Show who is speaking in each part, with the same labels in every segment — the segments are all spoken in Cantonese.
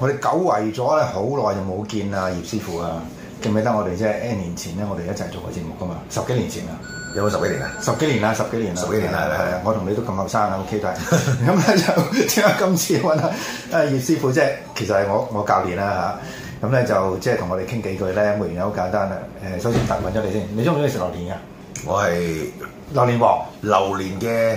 Speaker 1: 我哋久違咗咧，好耐就冇見啦，葉師傅啊，記唔記得我哋即係，N 年前咧，我哋一齊做過節目噶嘛，十幾年前啊，有冇十幾年啊？十幾年啦，十幾年啦，十幾年啦，係啊，我同你都咁後生啊，O K 得，咁咧就即係今次搵阿葉師傅即係，其實係我我教練啦吓，咁、嗯、咧就即係同我哋傾幾句咧，目的好簡單啦，誒，首先特問咗你先，你中唔中意食榴蓮啊？我係榴蓮王，榴蓮嘅。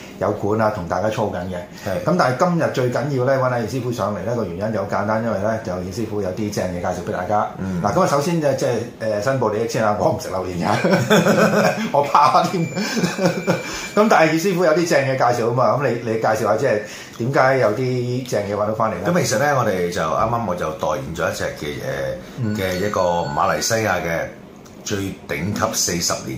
Speaker 1: 有管啊，同大家操緊嘅。咁是但係今日最緊要咧，揾阿葉師傅上嚟呢個原因就好簡單，因為咧，就葉師傅有啲正嘢介紹俾大家。嗱、嗯，咁啊，首先就即係誒，申報利益先啦，我唔食榴蓮嘅，我怕添。咁但係葉師傅有啲正嘅介紹啊嘛，咁你你介紹下，即係點解有啲正嘢揾到翻嚟咧？咁、嗯、其實咧，我
Speaker 2: 哋就啱啱我就代言咗一隻嘅嘢，嘅、嗯、一個馬來西亞嘅最頂級四十年。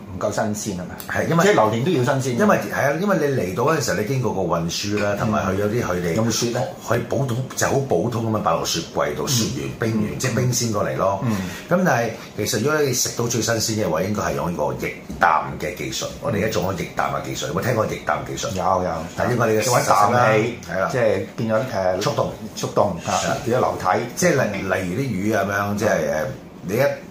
Speaker 2: 夠新鮮吖嘛？係，因為即係榴槤都要新鮮。因為係啊，因為你嚟到嗰陣時候，你經過個運輸啦，同埋去咗啲佢哋用雪咧，以普通，就好普通咁樣擺落雪櫃度，雪完冰完即係冰鮮過嚟咯。咁但係其實如果你食到最新鮮嘅話，應該係用呢個液氮嘅技術。我哋而家仲有液氮嘅技術，有冇聽過液氮技術？有有。但係應該你嘅氮氣係啦，即係變咗誒
Speaker 1: 速凍速凍，變咗流體，即係例例
Speaker 2: 如啲魚咁樣，即係誒你一。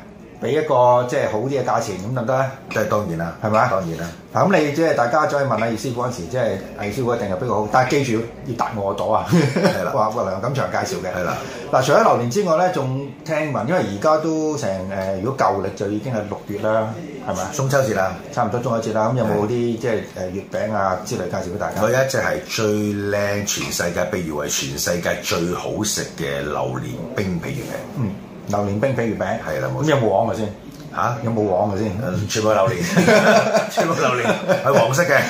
Speaker 1: 俾一個即係好啲嘅價錢咁得唔得咧？即係當然啦，係咪啊？當然啦。嗱咁你即係大家再問下葉師傅嗰陣時，即係葉師傅一定係比較好。但係記住要答我朵啊。係啦的，哇哇梁錦祥介紹嘅。係啦的。嗱，除咗榴蓮之外咧，仲聽聞，因為而家都成誒，如果舊歷就已經係六月啦，係咪啊？中秋節啦，差唔多中秋節啦。咁有冇啲的即係誒、呃、月餅啊之類介紹俾大家？佢一隻係最靚，
Speaker 2: 全世界，被譽為全世界最好食嘅榴蓮冰皮月餅。嗯。榴蓮冰皮月餅係啦，咁有冇黃嘅先？嚇，有冇黃嘅先？全部係榴蓮，
Speaker 1: 全部榴蓮係黃色
Speaker 2: 嘅。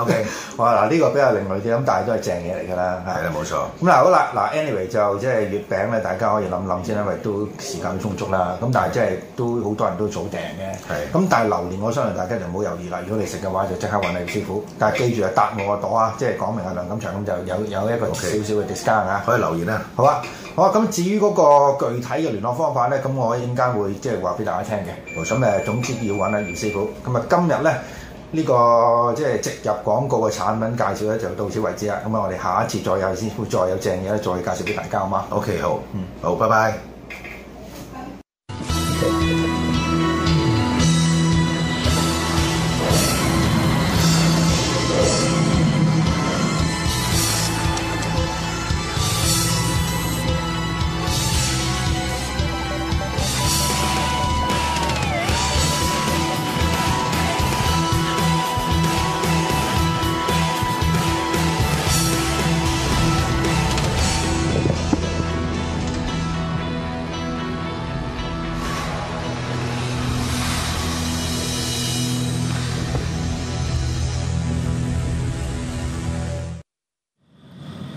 Speaker 1: OK，哇嗱，呢個比較另類啲，咁但係都係正嘢嚟㗎啦。係啦，冇錯。咁嗱，好啦，嗱，anyway 就即係月餅咧，大家可以諗諗先，因為都時間充足啦。咁但係即係都好多人都早訂嘅。係。咁但係榴蓮，我相信大家就唔好猶豫啦。如果你食嘅話，就即刻揾你師傅。但係記住啊，答我個朵啊，即係講明阿梁錦祥咁就有有一個少少嘅 discount 嚇。可以留言啊，好啊。好啊，咁至於嗰個具體嘅聯絡方法咧，咁我一陣間會即係話俾大家聽嘅。咁誒總之要揾阿姚師傅。咁啊今日咧呢個即係植入廣告嘅產品介紹咧就到此為止啦。咁啊我哋下一次再有師傅，再有正嘢咧再介紹俾大家好嘛。OK，好，嗯，好，拜拜。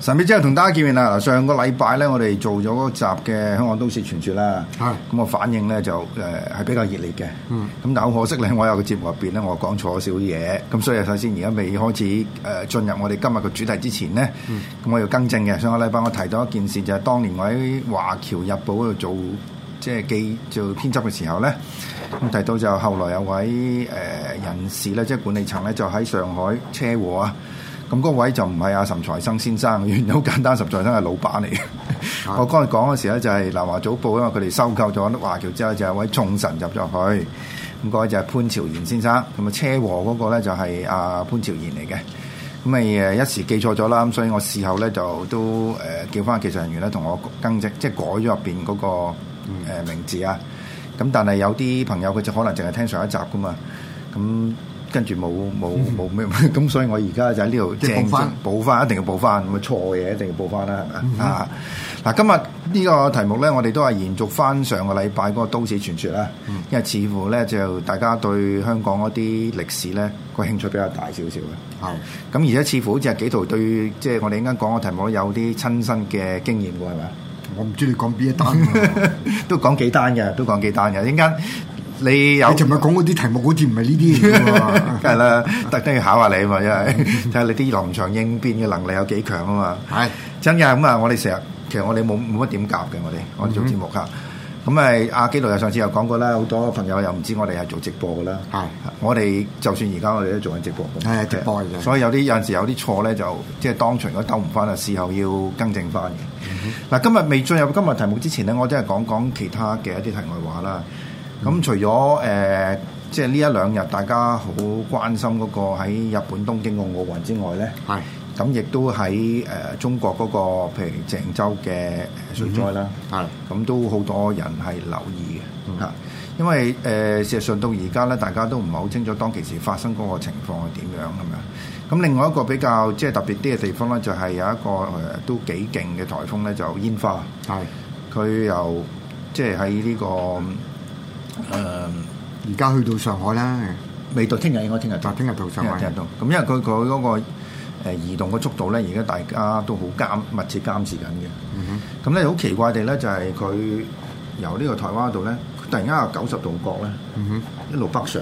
Speaker 1: 嗱，你即係同大家見面啦。嗱，上個禮拜咧，我哋做咗嗰集嘅《香港都市傳説》啦，係咁我反應咧就誒係比較熱烈嘅。嗯，咁但好可惜咧，我有個節目入邊咧，我講錯咗少嘢。咁所以首先而家未開始誒進入我哋今日嘅主題之前咧，咁我要更正嘅。上個禮拜我提到一件事，就係當年我喺華僑日報度做即係記做編輯嘅時候咧，咁提到就後來有位誒人士咧，即係管理層咧，就喺上海車禍啊。咁嗰位就唔係阿岑財生先生，原因好簡單，岑財生係老闆嚟嘅。我剛講嘅時咧就係、是、南華早報，因為佢哋收購咗啲華僑之後，就有、是、位眾神入咗去。咁、那、嗰、個、位就係潘朝賢先生，咁啊車禍嗰個咧就係阿潘朝賢嚟嘅。咁咪誒一時記錯咗啦，咁所以我事後咧就都誒叫翻技術人員咧同我更正，即、就、係、是、改咗入邊嗰個誒名字啊。咁、嗯、但係有啲朋友佢就可能淨係聽上一集噶嘛，咁。跟住冇冇冇咩咁，所以我而家就喺呢度正翻，補翻，一定要補翻咁啊！錯嘅嘢一定要補翻啦啊！嗱，今日呢個題目咧，我哋都係延續翻上個禮拜嗰個都市傳説啦，因為似乎咧就大家對香港嗰啲歷史咧個興趣比較大少少嘅。好，咁而且似乎好似幾條對，即係我哋陣間講嘅題目有啲親身嘅經驗喎，係咪啊？我唔知你講邊一單啊？都講幾單嘅，都講幾單嘅，陣間？你有？你琴日講嗰啲題目好似唔係呢啲喎。梗係啦，特登要考下你啊嘛，因為睇下你啲臨場應變嘅能力有幾強啊嘛。係真嘅，咁啊，我哋成日其實我哋冇冇乜點搞嘅，我哋我哋做節目嚇。咁啊，阿紀陶又上次又講過啦，好多朋友又唔知我哋係做直播嘅啦。係，我哋就算而家我哋都做緊直播，係直播。所以有啲有陣時有啲錯咧，就即係當場都兜唔翻啦，事後要更正翻嘅。嗱，今日未進入今日題目之前咧，我真係講講其他嘅一啲題外話啦。咁除咗誒，即係呢一兩日大家好關心嗰個喺日本東京嘅奧運之外咧，係咁亦都喺誒中國嗰個譬如鄭州嘅水災啦，係咁都好多人係留意嘅嚇，因為誒事實上到而家咧，大家都唔係好清楚當其時發生嗰個情況係點樣咁樣。咁另外一個比較即係特別啲嘅地方咧，就係有一個誒都幾勁嘅颱風咧，就煙花係佢又即係喺呢個。誒而家去到上海啦，未到聽日，應該聽日到。聽日到上海，聽日到。咁的因為佢佢嗰個誒移動嘅速度咧，而家大家都好監密切監視緊嘅。咁咧好奇怪地咧，就係佢由呢個台灣度咧，突然間有九十度角咧，一路北上。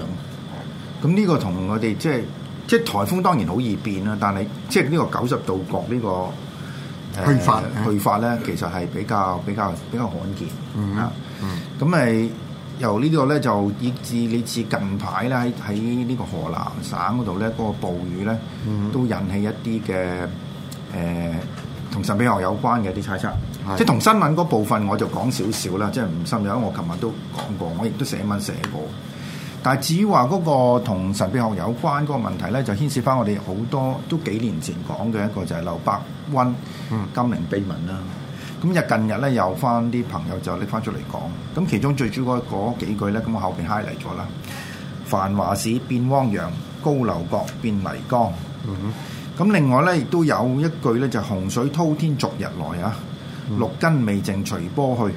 Speaker 1: 咁呢、嗯、哼個同我哋即係即係颱風當然好易變啦，但係即係呢個九十度角呢、這個、呃、去法去法咧，啊、其實係比較比較比較罕見啊。咁咪？由呢度咧，就以至你似近排咧喺喺呢個河南省嗰度咧，嗰個暴雨咧，mm hmm. 都引起一啲嘅誒同神秘學有關嘅一啲猜測，的即係同新聞嗰部分我就講少少啦，即係唔深入，我琴日都講過，我亦都寫文寫過。但係至於話嗰個同神秘學有關嗰個問題咧，就牽涉翻我哋好多都幾年前講嘅一個，就係劉伯温金陵秘聞啦。Mm hmm. 咁就近日咧，有翻啲朋友就拎翻出嚟講，咁其中最主要嗰幾句咧，咁我後邊 highlight 咗啦。繁華市變汪洋，高樓閣變泥崗。嗯
Speaker 3: 哼。
Speaker 1: 咁另外咧，亦都有一句咧，就洪水滔天逐日來啊，六根未淨隨波去。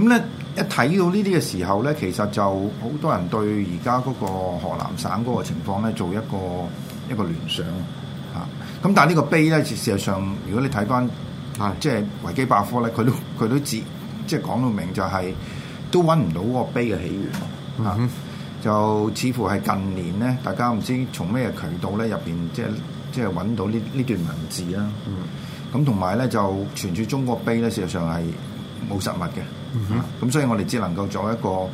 Speaker 1: 咁咧一睇到呢啲嘅時候咧，其實就好多人對而家嗰個河南省嗰個情況咧，做一個一個聯想嚇。咁但係呢個碑咧，事實上如果你睇翻。係，即係維基百科咧，佢都佢都指，即係講到明就係都揾唔到嗰個碑嘅起源，嗯、哼啊，就似乎係近年咧，大家唔知從咩渠道咧入邊，即係即係揾到呢呢段文字啦。咁同埋咧就傳説中國碑咧，事實上係冇實物嘅，咁、嗯哼啊、所以我哋只能夠做一個誒、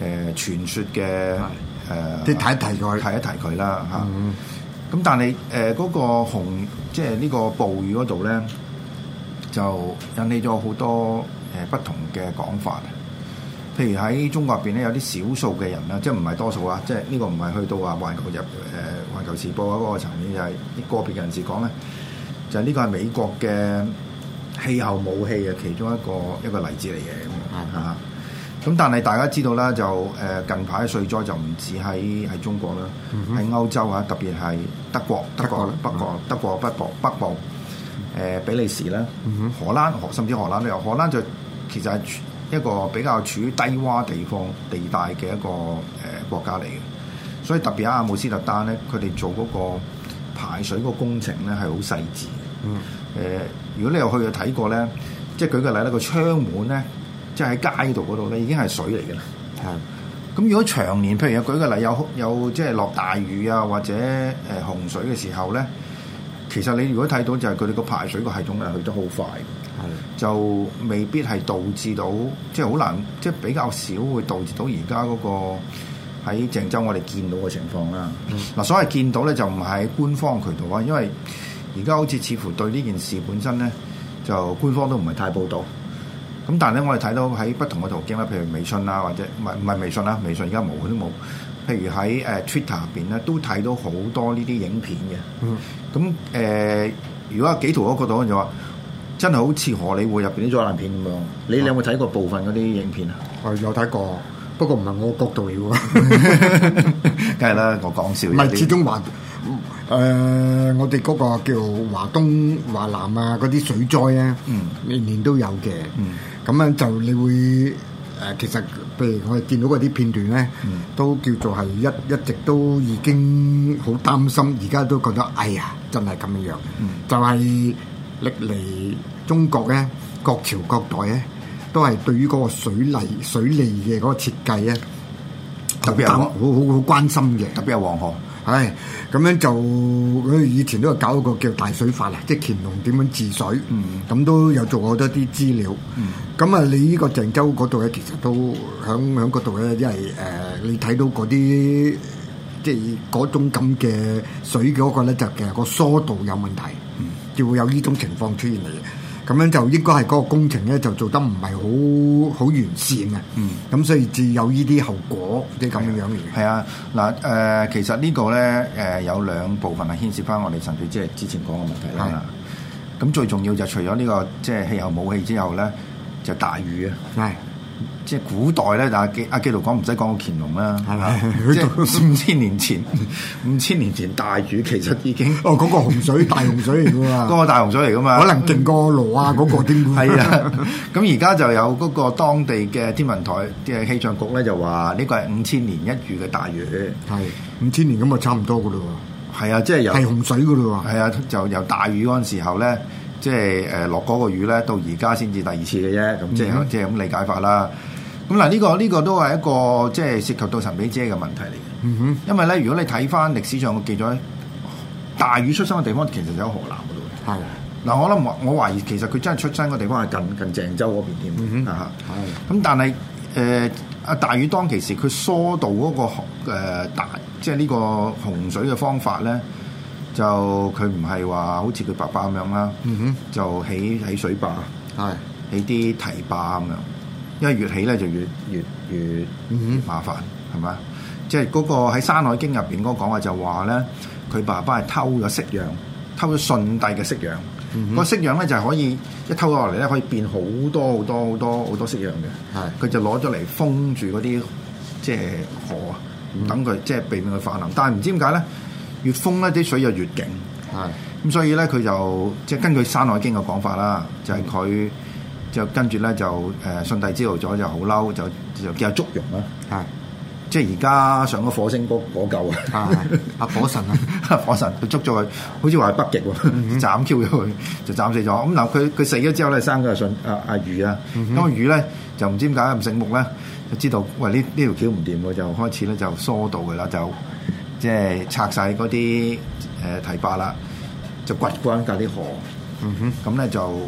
Speaker 1: 呃、傳説嘅誒，即係睇一提佢，提一提佢啦嚇。咁、啊、但係誒嗰個紅，即係呢個暴雨嗰度咧。呢嗯就引起咗好多誒、呃、不同嘅講法，譬如喺中國入邊咧，有啲少數嘅人啦，即係唔係多數啊，即係呢個唔係去到話環球入誒環球時報嗰個層面，就係、是、啲個別人士講咧，就呢、是、個係美國嘅氣候武器嘅其中一個一個例子嚟嘅。咁但係大家知道啦，就誒、呃、近排嘅水災就唔止喺喺中國啦，喺、嗯、哼歐洲啊，特別係德國、德國、北國、德國、北國北部。北部誒、呃，比利時啦，嗯、哼荷蘭，甚至荷蘭都有。荷蘭就其實係一個比較處於低洼地方地帶嘅一個誒國家嚟嘅，所以特別喺阿姆斯特丹咧，佢哋做嗰個排水嗰工程咧係好細緻嘅。誒、嗯呃，如果你有去嘅睇過咧，即係舉個例咧，個窗門咧，即係喺街度嗰度咧，已經係水嚟嘅啦。係、嗯。咁如果長年，譬如有舉個例，有有即係落大雨啊，或者誒洪水嘅時候咧。其實你如果睇到就係佢哋個排水個系統啊，去得好快，係就未必係導致到，即係好難，即係比較少會導致到而家嗰個喺鄭州我哋見到嘅情況啦。嗱、嗯，所謂見到咧就唔係喺官方渠道啊，因為而家好似似乎對呢件事本身咧，就官方都唔係太報導。咁但係咧，我哋睇到喺不同嘅途徑啦，譬如微信啊，或者唔係唔係微信啊，微信而家冇佢都冇。譬如喺誒、uh, Twitter 入邊咧，都睇到好多呢啲影片嘅。嗯咁誒、嗯呃，如果紀陶嗰度就話，真係好似荷里活入邊啲災難片咁樣。你有冇睇過部分嗰啲影片啊？啊，有睇過，不過唔係我角度嚟喎。梗係啦，我講笑。唔係，始終
Speaker 4: 華誒、呃、我哋嗰個叫華東、華南啊，嗰啲水災啊，
Speaker 1: 年、
Speaker 4: 嗯、年都有嘅。咁樣、嗯、就你會。誒，其實譬如我哋見到嗰啲片段咧，嗯、都叫做係一一直都已經好擔心，而家都覺得，哎呀，真係咁樣。嗯、就係歷來中國咧，各朝各代咧，都係對於嗰個水泥、水利嘅嗰個設計咧，特別係好好好關心嘅，特別係黃河。係，咁樣就佢以前都係搞一個叫大水法啊，即係乾隆點樣治水，咁、嗯、都有做過好多啲資料。咁啊、嗯，你呢個鄭州嗰度咧，其實都響響嗰度咧，即係誒，你睇到嗰啲即係嗰種咁嘅水嗰個咧，就其、是、實個疏度有問題，嗯、就會有呢種情況出現嚟。咁樣就應該係嗰個工程咧，就做得唔係好好完
Speaker 1: 善嘅。嗯，咁所以至有呢啲後果即係咁嘅樣嚟嘅。係啊，嗱誒、啊呃，其實呢個呢、呃、其實呢個咧誒有兩部分係牽涉翻我哋上次即係之前講嘅問題啦。咁、啊、最重要就除咗呢、呢個即係、就是、氣候武器之後咧，就大雨啊。係、啊。即係古代咧，阿阿基、啊、基督講唔使講乾隆啦，係嘛？即係五, 五千年前，五千年前大禹其實已經 哦，嗰、那個洪水大洪水嚟噶嘛？嗰 個大洪水嚟噶嘛？可能勁過羅啊嗰個天官。係 啊，咁而家就有嗰個當地嘅天文台即係氣象局咧，就話呢個係五千年一遇嘅大雨。係五千年咁啊，差唔多噶啦。係啊，即係由係洪水噶啦。係啊，就由大雨嗰陣時候咧。即係誒落嗰個雨咧，到而家先至第二次嘅啫，咁即係即係咁理解法啦。咁嗱、這個，呢個呢個都係一個即係、就是、涉及到神秘遮嘅問題嚟嘅。嗯、
Speaker 3: 哼，
Speaker 1: 因為咧，如果你睇翻歷史上我記咗，大禹出生嘅地方其實就喺河南嗰度。
Speaker 3: 係
Speaker 1: 的。嗱、嗯，我諗我懷疑其實佢真係出生嘅地方係近近鄭州嗰邊添。嗯咁哼的、嗯、但係誒，阿、呃、大禹當其時、那個，佢疏導嗰個大，即係呢個洪水嘅方法咧。就佢唔係話好似佢爸爸咁樣啦，mm hmm. 就起起水壩，mm hmm. 起啲堤壩咁樣，因為越起咧就越越越，mm hmm. 越麻煩，係嘛？即係嗰個喺《山海經》入邊嗰個講話就話咧，佢爸爸係偷咗息壤，偷咗舜帝嘅息壤。Mm hmm. 個息壤咧就係、是、可以一偷咗落嚟咧，可以變好多好多好多好多息壤嘅。係佢、mm hmm. 就攞咗嚟封住嗰啲即係河，等佢即係避免佢氾濫。但係唔知點解咧？越封咧啲水就越勁，咁的所以咧佢就即係根據《山海經》嘅講法啦，就係、是、佢就跟住咧就誒舜、呃、帝知道咗就好嬲，就就，就叫祝融啦，的即係而家上咗火星嗰嗰嚿啊，阿火神啊火神，佢捉咗佢，好似話係北極、嗯、哼斬 Q 咗佢，就斬死咗。咁嗱佢佢死咗之後咧，生咗阿舜阿阿禹啊，咁禹咧就唔知點解唔醒目咧，就知道喂，呢呢條橋唔掂喎，就開始咧就疏導佢啦就。就就就就就即係拆晒嗰啲誒堤壩啦，就掘光隔啲河，咁咧、mm hmm. 就誒、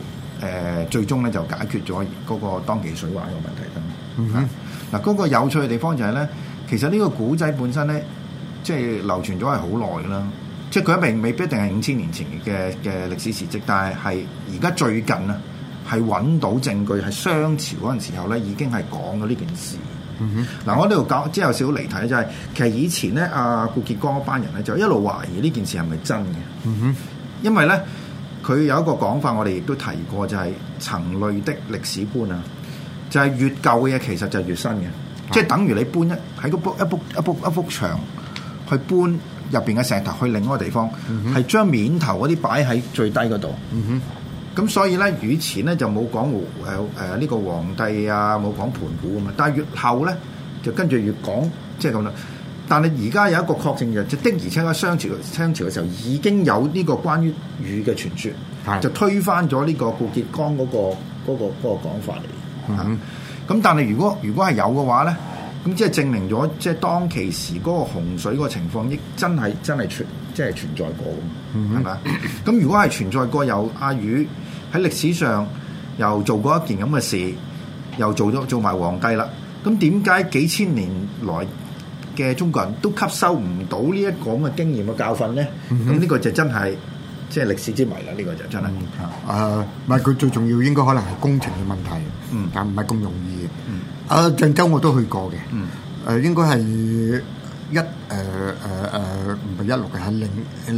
Speaker 1: 呃、最終咧就解決咗嗰個當期水患嘅問題得啦。嗱、
Speaker 3: mm，
Speaker 1: 嗰、hmm. 個有趣嘅地方就係咧，其實呢個古仔本身咧、就是，即係流傳咗係好耐㗎啦。即係佢一未未必一定係五千年前嘅嘅歷史事蹟，但係係而家最近啊，係揾到證據係商朝嗰陣時候咧已經係講咗呢件事。嗱，我呢度講之後少離題，就係其實以前咧，阿顧頡剛班人咧就一路懷疑呢件事係咪真嘅？嗯、哼因為咧佢有一個講法，我哋亦都提過，就係、是、層累的歷史觀啊，就係、是、越舊嘅嘢其實就係越新嘅，嗯、哼即係等於你搬一喺嗰幅一幅一幅一幅牆去搬入邊嘅石頭去另一個地方，係、嗯、哼將面頭嗰啲擺喺最低嗰度。嗯哼咁所以咧，以前咧就冇講皇誒呢個皇帝啊，冇講盤古啊嘛。但係越後咧，就跟住越講，即係咁啦。但係而家有一個確證嘅、就的，即係的而且確商朝商朝嘅時候已經有呢個關於雨嘅傳説，是就推翻咗呢個顧頡剛嗰、那個嗰、那個那個講法嚟。咁、嗯、但係如果如果係有嘅話咧，咁即係證明咗即係當其時嗰個洪水嗰個情況，亦真係真係傳。即係存在過咁，係咪啊？咁如果係存在過，有阿宇喺歷史上又做過一件咁嘅事，又做咗做埋皇帝啦。咁點解幾千年來嘅中國人都吸收唔到呢一個咁嘅經驗嘅教訓咧？咁呢個就真係即係歷史之謎啦。呢個就真係。誒，
Speaker 4: 唔係佢最重要，應該可能係工程嘅問題，但唔係咁容易。啊，鄭州我都去過嘅。誒，應該係。一，誒誒誒唔係一六嘅，係零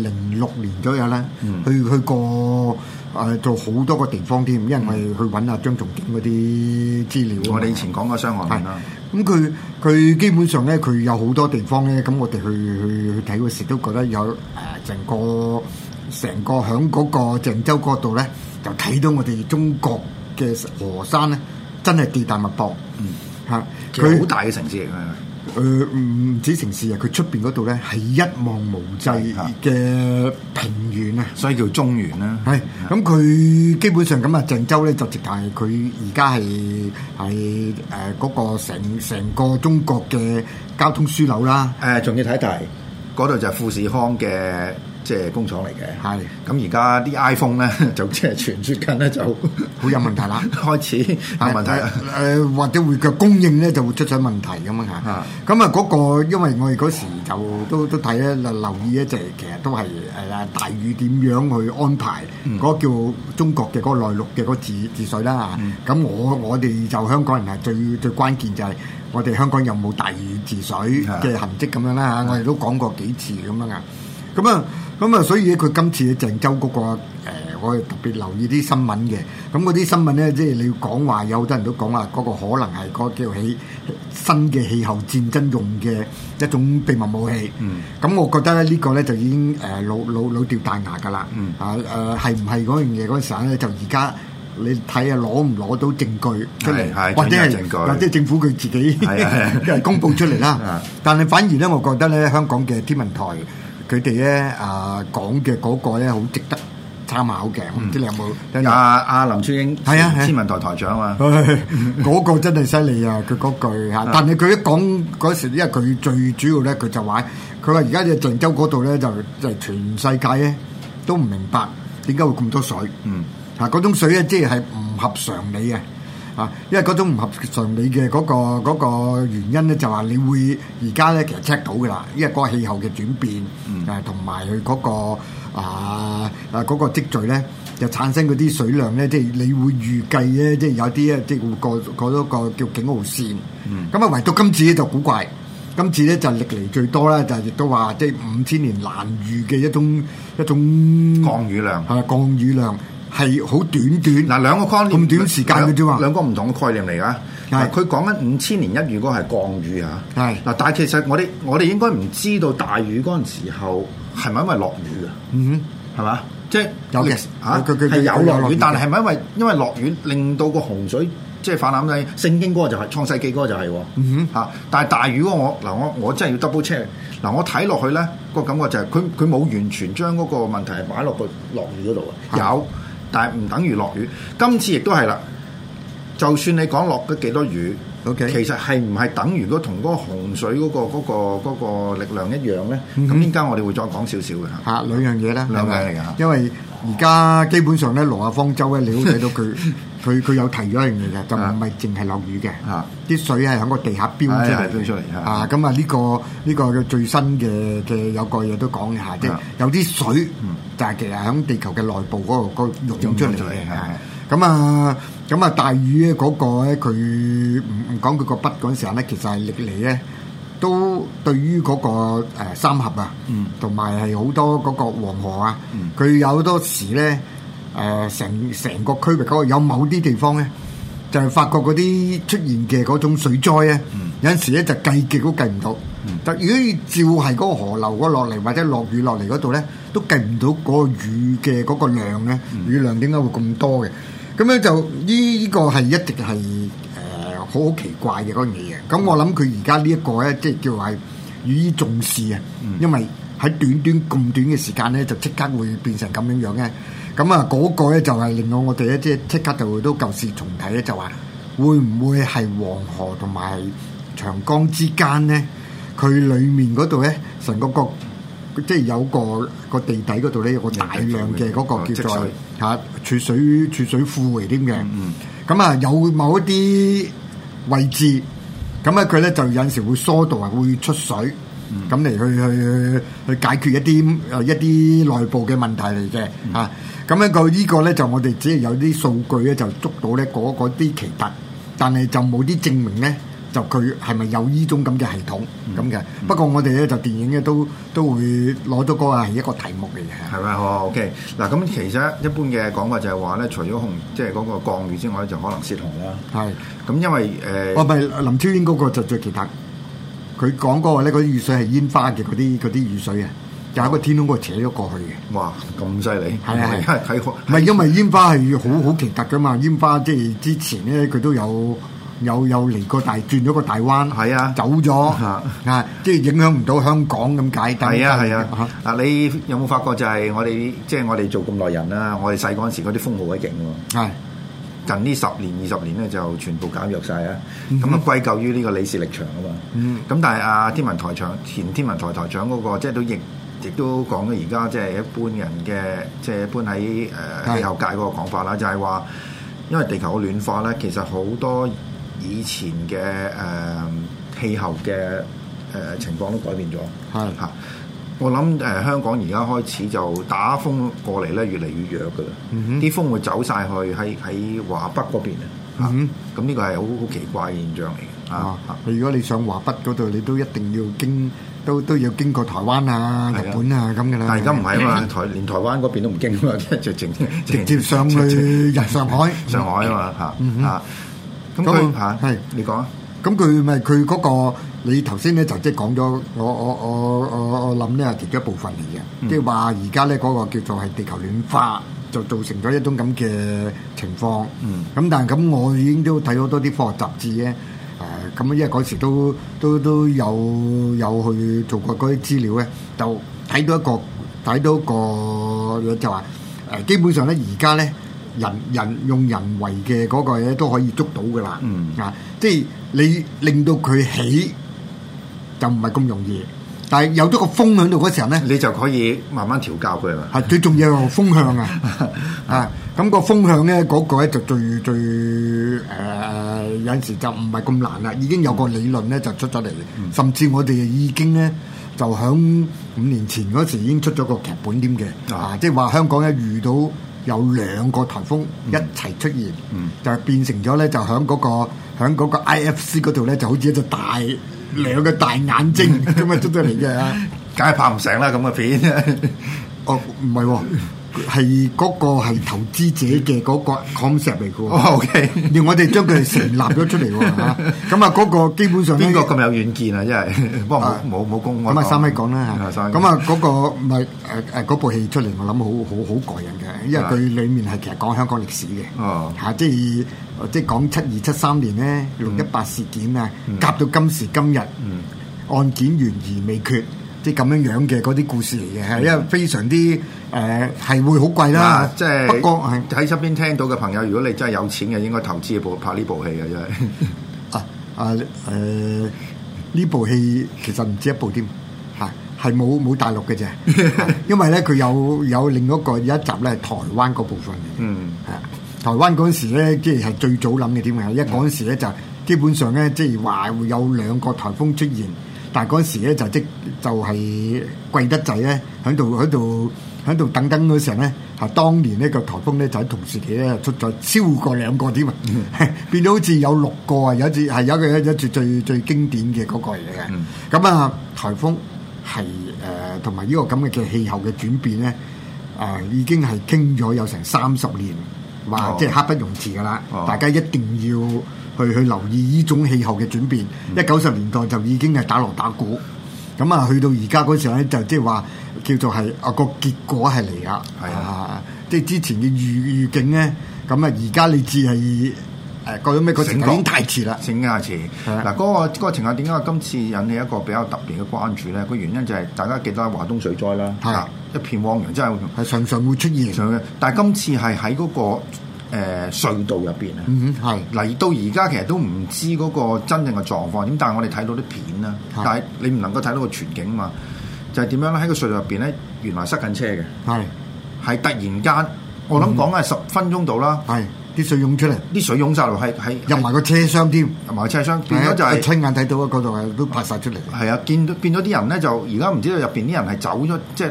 Speaker 4: 零六年左右啦，嗯，去去過誒做好多個地方添，因為去揾阿張仲景嗰啲資料。嗯，我哋以前
Speaker 1: 講過傷寒論啦，咁
Speaker 4: 佢佢基本上咧，佢有好多地方咧，咁我哋去去去睇嗰時都覺得有誒成個成個響嗰個鄭州嗰度咧，就睇到我哋中國嘅河山咧，真係地大物博，嚇！佢好大嘅城市嚟誒唔、呃、止城市啊！佢出邊嗰度咧係一望無際嘅平原啊，的所以叫中原啦。係咁，佢基本上咁啊，鄭州咧就直頭係佢而家係係誒
Speaker 1: 嗰個成成個中國嘅交通樞紐啦。誒、呃，仲要睇大嗰度就係富士康嘅。即係工廠嚟嘅，係咁，而家啲 iPhone 咧就即係傳説緊咧就好有問題啦， 開始有、 啊、 問題，誒或者會個
Speaker 4: 供應咧就會出咗問題咁樣嚇。咁啊嗰個因為我哋嗰時就都都睇咧，留意咧就其實都係誒大雨點樣去安排嗰叫中國嘅嗰內陸嘅嗰治治水啦嚇。咁我我哋就香港人係最最關鍵就係我哋香港有冇大雨治水嘅痕跡咁樣啦嚇。的嗯、我哋都講過幾次咁樣噶，咁、嗯、啊～、嗯咁啊，所以咧，佢今次啊，鄭州嗰個誒，我哋特別留意啲新聞嘅。咁嗰啲新聞咧，即係你要講話，有好多人都講話嗰個可能係嗰叫氣新嘅氣候戰爭用嘅一種秘密武器。嗯。咁我覺得咧，呢個咧就已經誒老老老掉大牙噶啦。嗯。啊誒，係唔係嗰樣嘢嗰陣時咧？就而家你睇下，攞唔攞到證據出嚟，或者係或者政府佢自己係啊係啊，公佈出嚟啦。但係反而咧，我覺得咧，香港嘅天文台。佢哋咧啊，講嘅嗰個咧好值得參考嘅，唔、嗯、知你有冇聽？阿阿、啊等啊、林超英，係啊，天、啊、文台台長啊嘛，嗰唉 個真係犀利啊！佢嗰句嚇，但係佢一講嗰時咧，因為佢最主要咧，佢就話：佢話而家嘅鄭州嗰度咧，就即、是、係全世界咧都唔明白點解會咁多水。嗯，嚇嗰、啊、種水咧，即係唔合常理嘅。啊、嗰個嗰個，因為嗰種唔合常理嘅嗰個原因咧，就話你會而家咧其實 check 到噶啦，因為嗰個氣候嘅轉變，誒同埋佢個啊啊嗰、嗰個積聚咧，就產生嗰啲水量咧，即、就、係、是、你會預計咧，即係有啲啊，即係過過咗個叫警號線。咁啊、嗯，唯獨今次咧就古怪，今次咧就歷嚟最多咧，就亦都話即係五千年難遇嘅一種一種降雨量，係降雨量。
Speaker 1: 係好短短嗱，兩個框咁短時間嘅啫嘛，兩個唔同嘅概念嚟㗎。係佢講緊五千年一遇嗰個係降雨啊。係嗱，但係其實我哋我哋應該唔知道大雨嗰陣時候係咪因為落雨啊？嗯哼，係嘛？即係有啊，係有落雨，但係係咪因為因為落雨令到個洪水即係氾濫呢？聖經嗰個就係創世紀嗰個就係喎。哼嚇，但係大雨嗰我嗱我我真係要 double check 嗱，我睇落去咧個感覺就係佢佢冇完全將嗰個問題擺落個落雨嗰度啊。有。但係唔等於落雨，今次亦都係啦。就算你講落咗幾多雨，Okay. 其實係唔係等如嗰同嗰洪水嗰、嗰個、嗰個、力量一樣咧？咁依家我哋會再講少少嘅嚇。嚇兩、啊、樣嘢咧，兩樣嚟噶。是是因為而家基本上咧，
Speaker 4: 挪亞方舟咧，你都睇到佢。 佢佢有提咗一樣嘢嘅，就唔係淨係落雨嘅，啲的水係喺個地下飆出嚟，啊咁啊呢個呢、這個嘅最新嘅嘅有個嘢都講一下的即啫，有啲水就係其實喺地球嘅內部嗰、啊那個肉湧出嚟嘅，咁啊咁啊大雨咧嗰個咧佢講佢個筆嗰陣時候咧，其實係歷嚟咧都對於嗰個三峽啊，同埋係好多嗰個黃河啊，佢有好多時咧。誒成成個區域嗰個有某啲地方咧，就係發覺嗰啲出現嘅嗰種水災咧，有陣時咧就計極都計唔到。就如果照係嗰個河流嗰落嚟或者落雨落嚟嗰度咧，都計唔到嗰個雨嘅嗰個量咧。雨量點解會咁多嘅？咁樣就呢個係一直係誒好好奇怪嘅嗰樣嘢嘅。咁我諗佢而家呢一個咧，即係叫係予以重視啊。因為喺短短咁短嘅時間咧，就即刻會變成咁樣樣嘅。咁啊，嗰個咧就係令到我哋咧即即刻就會都舊事重提咧，就話會唔會係黃河同埋長江之間咧，佢裡面嗰度咧，成個個即係有個個地底嗰度咧，有個大量嘅嗰個叫做嚇儲水儲水庫嚟添嘅。咁啊，有某一啲位置，咁啊佢咧就有時會疏導啊，會出水，咁嚟去去去解決一啲誒一啲內部嘅問題嚟嘅嚇。咁樣佢呢個咧就我哋只係有啲數據咧就捉到咧嗰啲奇特，但係就冇啲證明咧就佢係咪有呢種咁嘅系統咁嘅。嗯嗯、不過我哋咧就電影咧都都會攞咗個係一個題目嚟
Speaker 1: 嘅。係咪？好 OK。嗱咁其實一般嘅講法就係話咧，除咗紅即係嗰個降雨之外，就可能泄洪啦。係是。咁因為誒。哦、呃，唔係、啊、
Speaker 4: 林超英嗰個就最奇特。佢講嗰個咧，嗰啲雨水係煙花嘅嗰啲啲雨水啊。就喺個天空度扯咗過去嘅。哇，咁犀利！係啊係，唔係因為煙花係好好奇特噶嘛？煙花即係之前咧，佢都有有有嚟過大
Speaker 1: 轉咗個大彎，係啊，走咗啊，即係影響唔到香港咁解。係啊係啊，嗱，你有冇發覺就係我哋即係我哋做咁耐人啦？我哋細個嗰陣時嗰啲風好鬼勁喎。係近呢十年二十年咧，就全部減弱晒啊！咁啊，歸咎於呢個李氏力場啊嘛。咁但係啊，天文台長前天文台台長嗰個即係都認。亦都講咧，而家即係一般人嘅，即係一般喺誒氣候界嗰個講法啦，就係話，因為地球嘅暖化咧，其實好多以前嘅誒、呃、氣候嘅誒、呃、情況都改變咗。係嚇是、啊，我諗誒、呃、香港而家開始就打風過嚟咧，越嚟越弱噶啦，啲、嗯、哼風會走晒去喺喺華北嗰邊、嗯、哼啊。咁呢個係好好奇怪嘅現象嚟。
Speaker 4: 啊！如果你上華北嗰度，你都一定要經都都要經過台灣啊、日本啊咁嘅啦。但而家唔係啊嘛，
Speaker 1: 台連台灣嗰邊都唔經，直接直直接上去
Speaker 4: 入上海。上海啊嘛嚇嚇，咁佢係你講啊？咁佢咪佢嗰個？你頭先咧就即係講咗我我我我我諗咧係其中一部分嚟嘅，即係話而家咧嗰個叫做係地球暖化，就造成咗一種咁嘅情況。嗯。咁但係咁，我已經都睇好多啲科學雜誌咧。誒咁樣，因為嗰時都都都有有去做過嗰啲資料咧，就睇到一個睇到一個就話誒，基本上咧而家咧人人用人為嘅嗰個嘢都可以捉到噶啦，啊，嗯、即係你令到佢起就唔係咁容易。但係有咗個風喺度嗰時
Speaker 1: 候咧，你就可以慢慢調教佢啦。
Speaker 4: 係最重要風向啊！啊，咁個風向咧，嗰、 啊嗰個咧、嗰個、就最最誒、呃，有陣時就唔係咁難啦。已經有個理論咧就出咗嚟，嗯、甚至我哋已經咧就響五年前嗰時已經出咗個劇本添嘅啊！即係話香港咧遇到有兩個台風一齊出現，嗯、就變成咗咧就響嗰、嗰個響嗰個 IFC 嗰度咧就好似一隻大。兩個大眼睛咁啊，出得嚟嘅啊，梗係 拍唔成啦咁嘅片， 哦，唔係喎。係嗰個係投資者嘅嗰個概念嚟嘅，OK，要我哋將佢成立咗出嚟喎嚇。咁啊，
Speaker 1: 嗰個基本上咧，邊個咁有遠見啊？不過，冇冇冇公開啊！咁啊，三米講啦嚇。咁啊，
Speaker 4: 嗰個唔係誒誒嗰部戲出嚟，我諗好好好過癮嘅，因為佢裡面係其實講香港歷史嘅嚇，即係即係講七二七三年咧六一八事件啊，夾到今時今日，案件懸而未決。即咁樣樣嘅嗰啲故事嚟嘅，係因為非常啲誒係會好貴啦，嗯、即
Speaker 1: 係不過喺身邊聽到嘅朋友，如果你真係有錢嘅，應該投資一部拍呢、 啊呃、部戲嘅，因
Speaker 4: 為啊啊誒呢部戲其實唔止一部添，係係冇冇大陸嘅啫， 因為咧佢有有另一個一集咧係台灣嗰部分，嗯係、啊、台灣嗰時咧即係係最早諗嘅添啊，一嗰時咧就基本上咧即係話會有兩個颱風出現。但嗰時咧就即就係貴得滯咧，喺度喺度喺度等等嗰陣咧，嚇！當年呢個颱風咧就喺同時期咧出咗超過兩個添啊，變到好似有六個啊！有一次係有一個一次最最經典嘅嗰個嚟嘅。咁啊、嗯，颱風係誒同埋呢個咁嘅嘅氣候嘅轉變咧，啊、呃、已經係傾咗有成三十年，哇！即刻不容辭噶啦，哦、大家一定要。去去留意呢種氣候嘅轉變，一九十年代就已經係打鑼打鼓，咁啊去到而家嗰時候咧，就即係話叫做係啊個結果係嚟啦，係啊，即係之前嘅預預警咧，咁啊而家你至係誒講咗咩個情況？
Speaker 1: 太遲啦，成日遲。嗱嗰個嗰個情況點解今次引起一個比較特別嘅關注咧？個原因就係大家記得華東水災啦，係一片汪洋，真係常常會出現上嘅，但係今次係喺嗰個。誒隧道入邊咧，係嚟到而家其實都唔知嗰個真正嘅狀況點，但係我哋睇到啲片啦，但係你唔能夠睇到個全景嘛，就係點樣咧？喺個隧道入邊咧，原來塞緊車嘅，係係突然間，我諗講係十分鐘度啦，係啲水湧出嚟，啲水湧晒落，係係入埋個車廂添，入埋個車廂，變咗就係親眼睇到啊！嗰度係都拍晒出嚟，係啊，見到變咗啲人咧，就而家唔知道入邊啲人係走咗，即係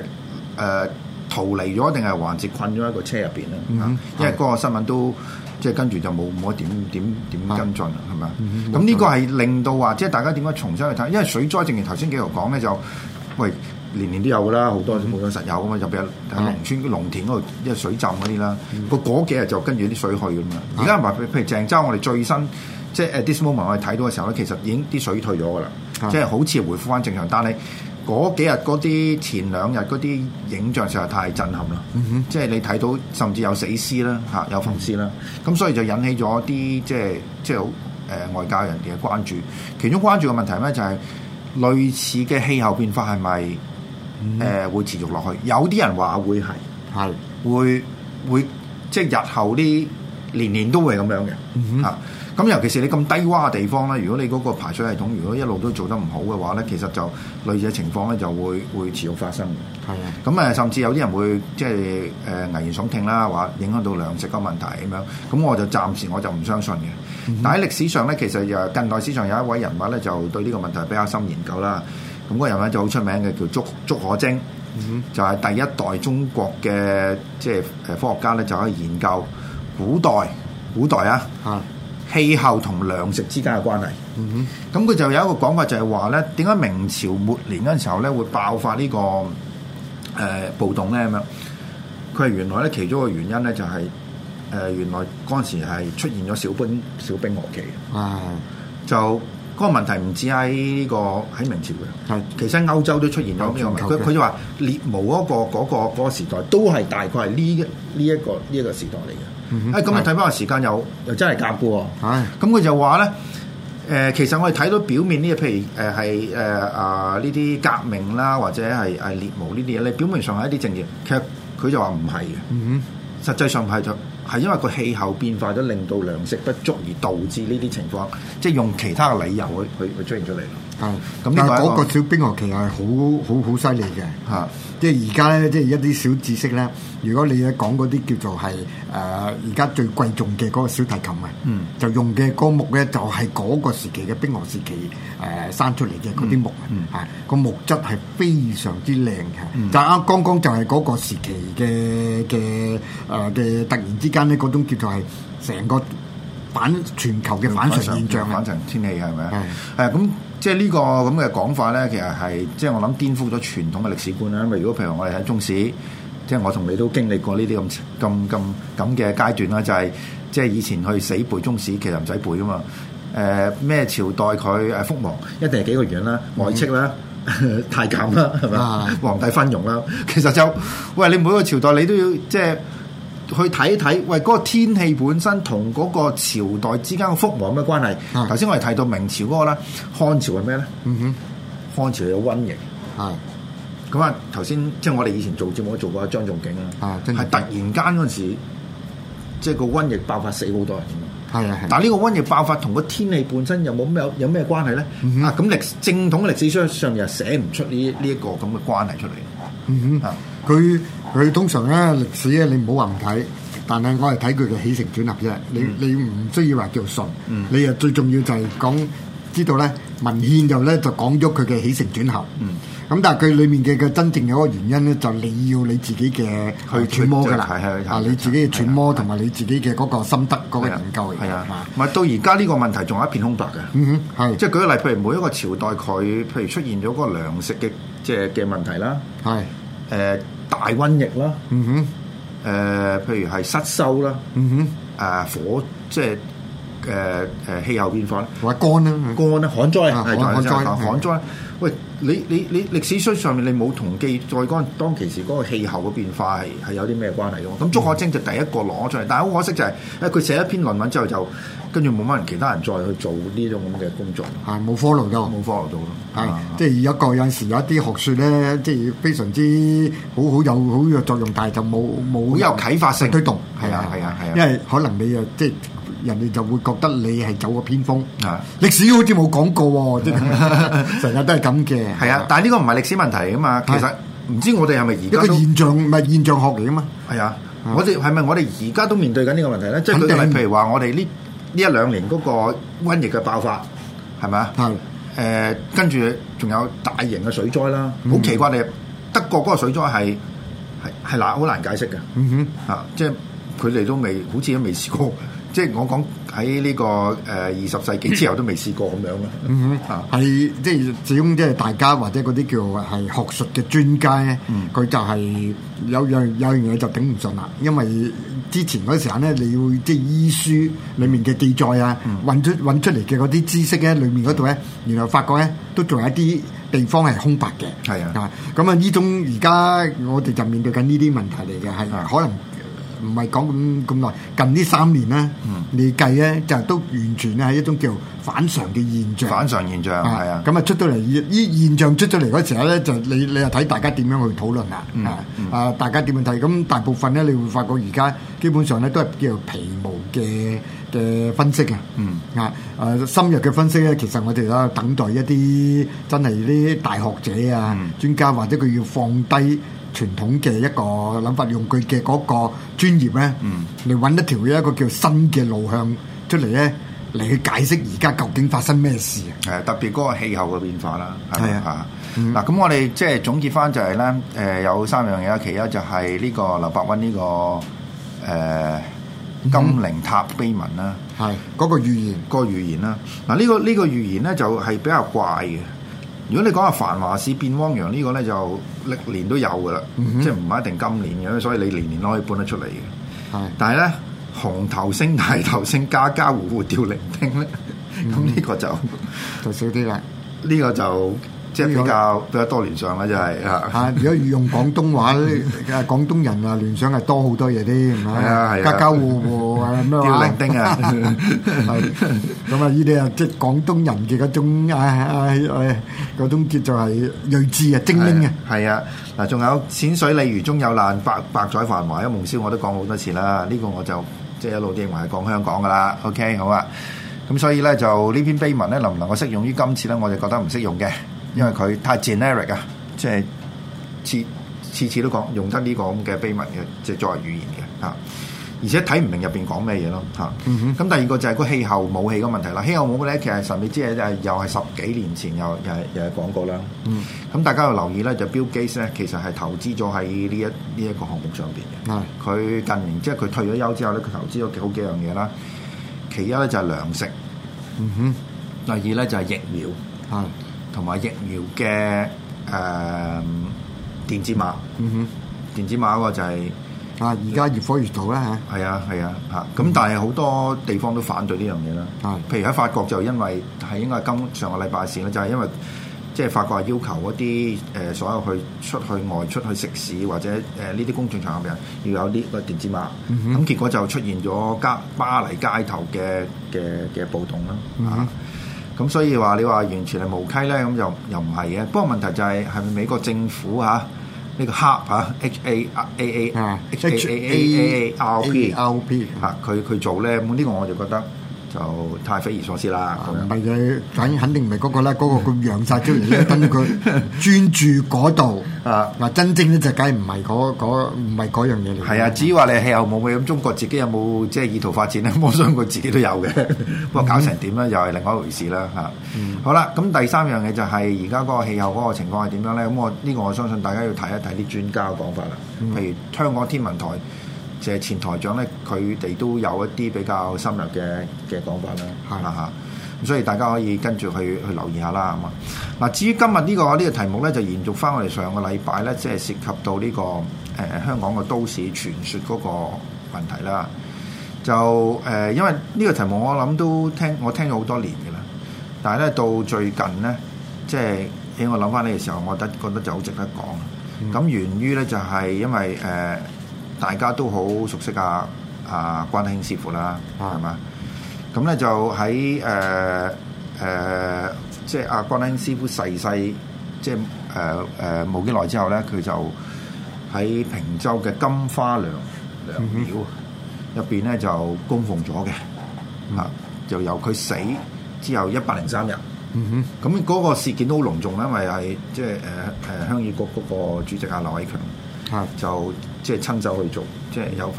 Speaker 1: 誒。逃離咗定係環節困咗喺個車入邊咧？Mm hmm. 因為嗰個新聞都即係、就是、跟住就冇冇點點點跟進啦，係咪？咁呢個係令到話，即、就、係、是、大家點解重新去睇？因為水災，正如頭先幾條講咧，就喂年年都有㗎啦，好多都冇咗實有啊嘛，就譬如喺農村啲、mm hmm. 農田嗰度，因為水浸嗰啲啦，個嗰、mm hmm. 幾日就跟住啲水去㗎嘛。而家唔係譬如鄭州，我哋最新即係、就是、this moment 我哋睇到嘅時候咧，其實已經啲水退咗㗎啦，即係、mm hmm. 好似回復翻正常，但你……嗰幾日嗰啲前兩日嗰啲影像實在太震撼啦！Mm hmm. 即係你睇到甚至有死屍啦，嚇有焚屍啦，咁、mm hmm. 所以就引起咗啲即係即係誒外界人哋嘅關注。其中關注嘅問題呢就係、是、類似嘅氣候變化係咪誒會持續落去？有啲人話會係，係的會會即係日後啲年年都會咁樣嘅嚇。Mm hmm. 啊咁尤其是你咁低洼嘅地方咧，如果你嗰個排水系統如果一路都做得唔好嘅話咧，其實就類似嘅情況咧就會會持續發生嘅。係啊、嗯、咁、嗯、誒，甚至有啲人會即係誒危言聳聽啦，話影響到糧食嘅問題，咁樣咁我就暫時我就唔相信嘅。嗯、但喺歷史上咧，其實又近代史上有一位人物咧，就對呢個問題比較深研究啦。咁、那、嗰個人咧就好出名嘅，叫竺竺可楨，嗯嗯、就係第一代中國嘅即係科學家咧，就喺研究古代古代啊。嗯氣候同糧食之間嘅關係，咁佢、mm hmm. 就有一個講法就係話咧，點解明朝末年嗰陣時候咧會爆發呢、這個誒、呃、暴動咧咁樣？佢係原來咧其中一個原因咧就係、是、誒、呃、原來嗰陣時係出現咗小冰小冰弱旗嘅。啊、就嗰、那個問題唔止喺呢、這個喺明朝嘅。啊、其實喺歐洲都出現咗呢、這個嘅。佢佢、啊、就話列毛嗰、那個嗰、那個那個時代都係大概係呢呢一個呢一、這個時代嚟嘅。咁你睇翻個時間又 又真係夾嘅喎，咁佢就話咧，誒、呃，其實我哋睇到表面呢，譬如誒係誒啊呢啲革命啦，或者係係獵巫呢啲嘢，你表面上係一啲政見，其實佢就話唔係嘅， 實際上係就係因為個氣候變化咗，令到糧食不足而導致呢啲情況，即係用其他嘅理由去去去出現出嚟。係，但係嗰個
Speaker 4: 小冰河期係好好好犀利嘅，即係而家咧，即係是、就是、一啲小知識咧。如果你講嗰啲叫做係誒而家最貴重嘅嗰個小提琴嘅，嗯、就用嘅嗰木咧就係嗰個時期嘅冰河時期誒、呃、生出嚟嘅嗰啲木，個、嗯嗯啊、木質係非常之靚嘅。嗯、但係啱剛剛就係嗰個時期嘅嘅誒嘅突然之間咧，嗰
Speaker 1: 種叫做係成個。反全球嘅反常現象，反常城天氣係咪啊？係啊，咁即係呢個咁嘅講法咧，其實係即係我諗顛覆咗傳統嘅歷史觀啦。因為如果譬如我哋喺中史，即、就、係、是、我同你都經歷過呢啲咁咁咁咁嘅階段啦，就係即係以前去死背中史，其實唔使背噶嘛。誒、呃、咩朝代佢誒覆亡，一定係幾個原因啦，外戚啦、啊、嗯、 太監啦、啊，係嘛？啊、皇帝昏庸啦，其實就喂你每個朝代你都要即係。去睇一睇，喂，嗰個天氣本身同嗰個朝代之間嘅福禍有咩關係？頭先我哋提到明朝嗰個啦，漢朝係咩咧？嗯哼，漢朝有瘟疫，係咁啊！頭先即係我哋以前做節目都做過張仲景啦，係突然間嗰陣時，即係個瘟疫爆發死好多人啊！係啊係，但係呢個瘟疫爆發同個天氣本身有冇咩有咩關係咧？啊，咁歷正統嘅歷史書上又寫唔出呢呢一個咁嘅關係出嚟。
Speaker 4: 佢。佢通常咧歷史咧，你唔好話唔睇，但係我係睇佢嘅起承轉合啫。你你唔需要話叫信，你啊最重要就係講知道咧文獻就咧就講咗佢嘅起承轉合。咁但係佢裡面嘅嘅真正有一個原因咧，就你要你自己嘅去揣摩㗎啦。啊，你自己嘅揣摩同埋你自
Speaker 1: 己嘅嗰個心得嗰個研究嚟。係啊，咪到而家呢個問題仲有一片空白嘅。嗯哼，係即係舉個例，譬如每一個朝代佢，譬如出現咗嗰個糧食嘅即係嘅問題啦。係誒。大瘟疫啦，嗯哼，誒，譬如係失修啦，嗯哼，誒，火即係誒，誒、呃，氣候變化啦，乾啊乾啊旱災，旱災，旱災。喂，你你你歷史書上面你冇同記載嗰陣當其時嗰個氣候嘅變化係係有啲咩關係嘅？咁竺可楨就第一個攞出嚟，但係好可惜就係、是，誒佢寫一篇論文之後就跟住冇乜人其他人再去做呢種咁嘅工作，係冇 follow 到，冇 follow 到咯，係
Speaker 4: 即係有，有一個陣時有一啲學説咧，即係非常之好好有好有，好有作用，但係就冇冇有，有
Speaker 1: 啟發性推動，係啊係
Speaker 4: 啊係啊，啊啊因為可能你啊即係。人哋就會覺得你係走個偏鋒啊！歷史好似冇講
Speaker 1: 過喎，成日都係咁嘅。係啊，但係呢個唔係歷史問題啊嘛。其實唔知我哋係咪而家一個現象，唔係現象學嚟啊嘛。係啊，我哋係咪我哋而家都面對緊呢個問題咧？即係譬如話，我哋呢呢一兩年嗰個瘟疫嘅爆發係咪啊？係誒，跟住仲有大型嘅水災啦。好奇怪，你德國嗰個水災係係係難好難解釋嘅。嗯哼，啊，即係佢哋都未好似都未試過。即係我講喺呢個，誒，二十世紀之後都未試過咁樣嘅、嗯哼，係
Speaker 4: 即係始終即係大家或者嗰啲叫係學術嘅專家咧，佢、嗯、就係有樣有樣嘢就頂唔順啦。因為之前嗰陣時咧，你要即係醫書裡面嘅記載啊，揾、嗯、出揾出嚟嘅嗰啲知識咧，裡面嗰度咧，嗯、原來發覺咧都仲有一啲地方係空白嘅。係、嗯、啊，咁啊呢種而家我哋就面對緊呢啲問題嚟嘅係可能。唔係講咁咁耐，近呢三年咧，嗯、你計咧就都完全咧係一種叫反常嘅現象。反
Speaker 1: 常現象係啊，
Speaker 4: 咁啊的出到嚟呢依現象出咗嚟嗰時候咧，就你你又睇大家點樣去討論啦啊啊！嗯嗯、大家點樣睇？咁大部分咧，你會發覺而家基本上咧都係叫做皮毛嘅嘅分析啊。嗯啊，誒、啊、深入嘅分析咧，其實我哋咧等待一啲真係啲大學者啊、嗯、專家或者佢要放低。傳統嘅一個諗法，用具嘅嗰個專業咧，嗯、你揾一條一個叫新嘅路向出嚟咧，嚟去解釋而家究竟發生咩事
Speaker 1: 啊？誒，特別嗰個氣候嘅變化啦，係嘅、係啊，嗱、嗯，咁我哋即係總結翻就係咧，誒、呃、有三樣嘢，其一就係呢個劉伯溫呢、呢個誒、呃、金陵塔碑文啦，係嗰、嗯嗰個預言，個預言啦，嗱、那、呢個呢、呢個預、呢個、言咧就係比較怪嘅。如果你講話繁華市變汪洋個呢個咧，就歷年都有㗎喇，mm hmm. 即係唔係一定今年嘅，所以你年年都可以搬得出嚟嘅。Mm hmm. 但係咧，紅頭星、大頭星，家家戶戶掉零丁咧，咁呢個就就少啲啦。呢個就。即係比較比較多聯想啦，即係嚇。嚇如果用
Speaker 4: 廣東話咧，廣東人啊聯想係多好多嘢啲，係咪啊？家家戶戶啊咩話？吊零丁啊！咁啊，依啲啊，即係廣東人嘅嗰種
Speaker 1: 啊啊嗰種叫做係睿智啊精英嘅。係啊嗱，仲有淺水鯉魚終有難，百百載繁華一夢消，我都講好多次啦。呢個我就即係一路認為係講香港噶啦。OK，好啊。咁所以咧就呢篇碑文咧，能唔能夠適用於今次咧？我就覺得唔適用嘅。因為佢太 generic 啊，即係次次次都講用得呢個咁嘅秘密嘅，即係作為語言嘅嚇。而且睇唔明入邊講咩嘢咯嚇。咁、嗯、哼第二個就係個氣候武器嘅問題啦。氣候武器咧，其實神秘之夜，又係十幾年前又又係又係講過啦。咁、嗯、大家又留意咧，就是、Bill Gates 咧，其實係投資咗喺呢一呢一、這個項目上邊嘅。佢的近年即係佢退咗休之後咧，佢投資咗好幾樣嘢啦。其一咧就係糧食，嗯、哼。第二咧就係疫苗，係。嗯同埋疫苗嘅誒、呃、電子碼，嗯
Speaker 3: 哼，
Speaker 1: 電子碼嗰個就係、是、啊，而家越講越嘈啦嚇，係啊係啊嚇，咁、嗯、哼但係好多地方都反對呢樣嘢啦，嗯哼，譬如喺法國就因為係應該係今上個禮拜事啦，就係、是、因為即係、就是、法國要求一啲誒所有去出去外出去食肆，或者誒呢啲公眾場合嘅人要有呢個電子碼，咁結果就出現咗街巴黎街頭嘅嘅嘅暴動啦，嚇、嗯。嗯咁所以話你話完全係無稽咧，咁又又唔係嘅。不過問題就係係咪美國政府嚇呢個 Hub 嚇 H A A A H A A A R P R P 嚇佢佢做咧？呢個我就覺得。就太匪夷所思啦！唔
Speaker 4: 係反咁肯定唔係嗰個啦，嗰 個咁樣曬出嚟咧， 等佢
Speaker 1: 專注嗰度。啊的，嗱，真正呢隻雞唔係嗰唔係嗰樣嘢嚟。係啊的、那個，至於話你氣候冇嘅，咁中國自己有冇即係意圖發展咧？我相信佢自己都有嘅，不過搞成點咧，嗯、又係另外一回事啦。嚇，嗯、好啦，咁第三樣嘢就係而家嗰個氣候嗰個情況係點樣咧？咁我呢個我相信大家要睇一睇啲專家嘅講法啦。譬如香港天文台。嗯即係前台長咧，佢哋都有一啲比較深入嘅嘅講法啦，嚇嚇嚇！咁所以大家可以跟住去去留意下啦，咁啊。嗱，至於今日呢、這個呢、這個題目咧，就延續翻我哋上個禮拜咧，即係涉及到呢、這個誒、呃、香港嘅都市傳說嗰個問題啦。就誒、呃，因為呢個題目我諗都聽我聽咗好多年嘅啦，但係咧到最近咧，即係喺我諗翻呢個時候，我覺得覺得就好值得講。咁、嗯、源於咧就係、是、因為誒。呃大家都好熟悉啊！啊，關德興師傅啦，係嘛？咁咧、啊、就喺誒誒，即係阿關德興師傅逝世，即係誒誒冇幾耐之後咧，佢就喺平洲嘅金花娘娘廟入邊咧就供奉咗嘅。啊、嗯，嗯、就由佢死之後一百零三日，哼咁嗰個事件都好隆重咧，因為係即係誒誒鄉議局嗰個主席阿劉偉強。啊、就即係親手去做，即係有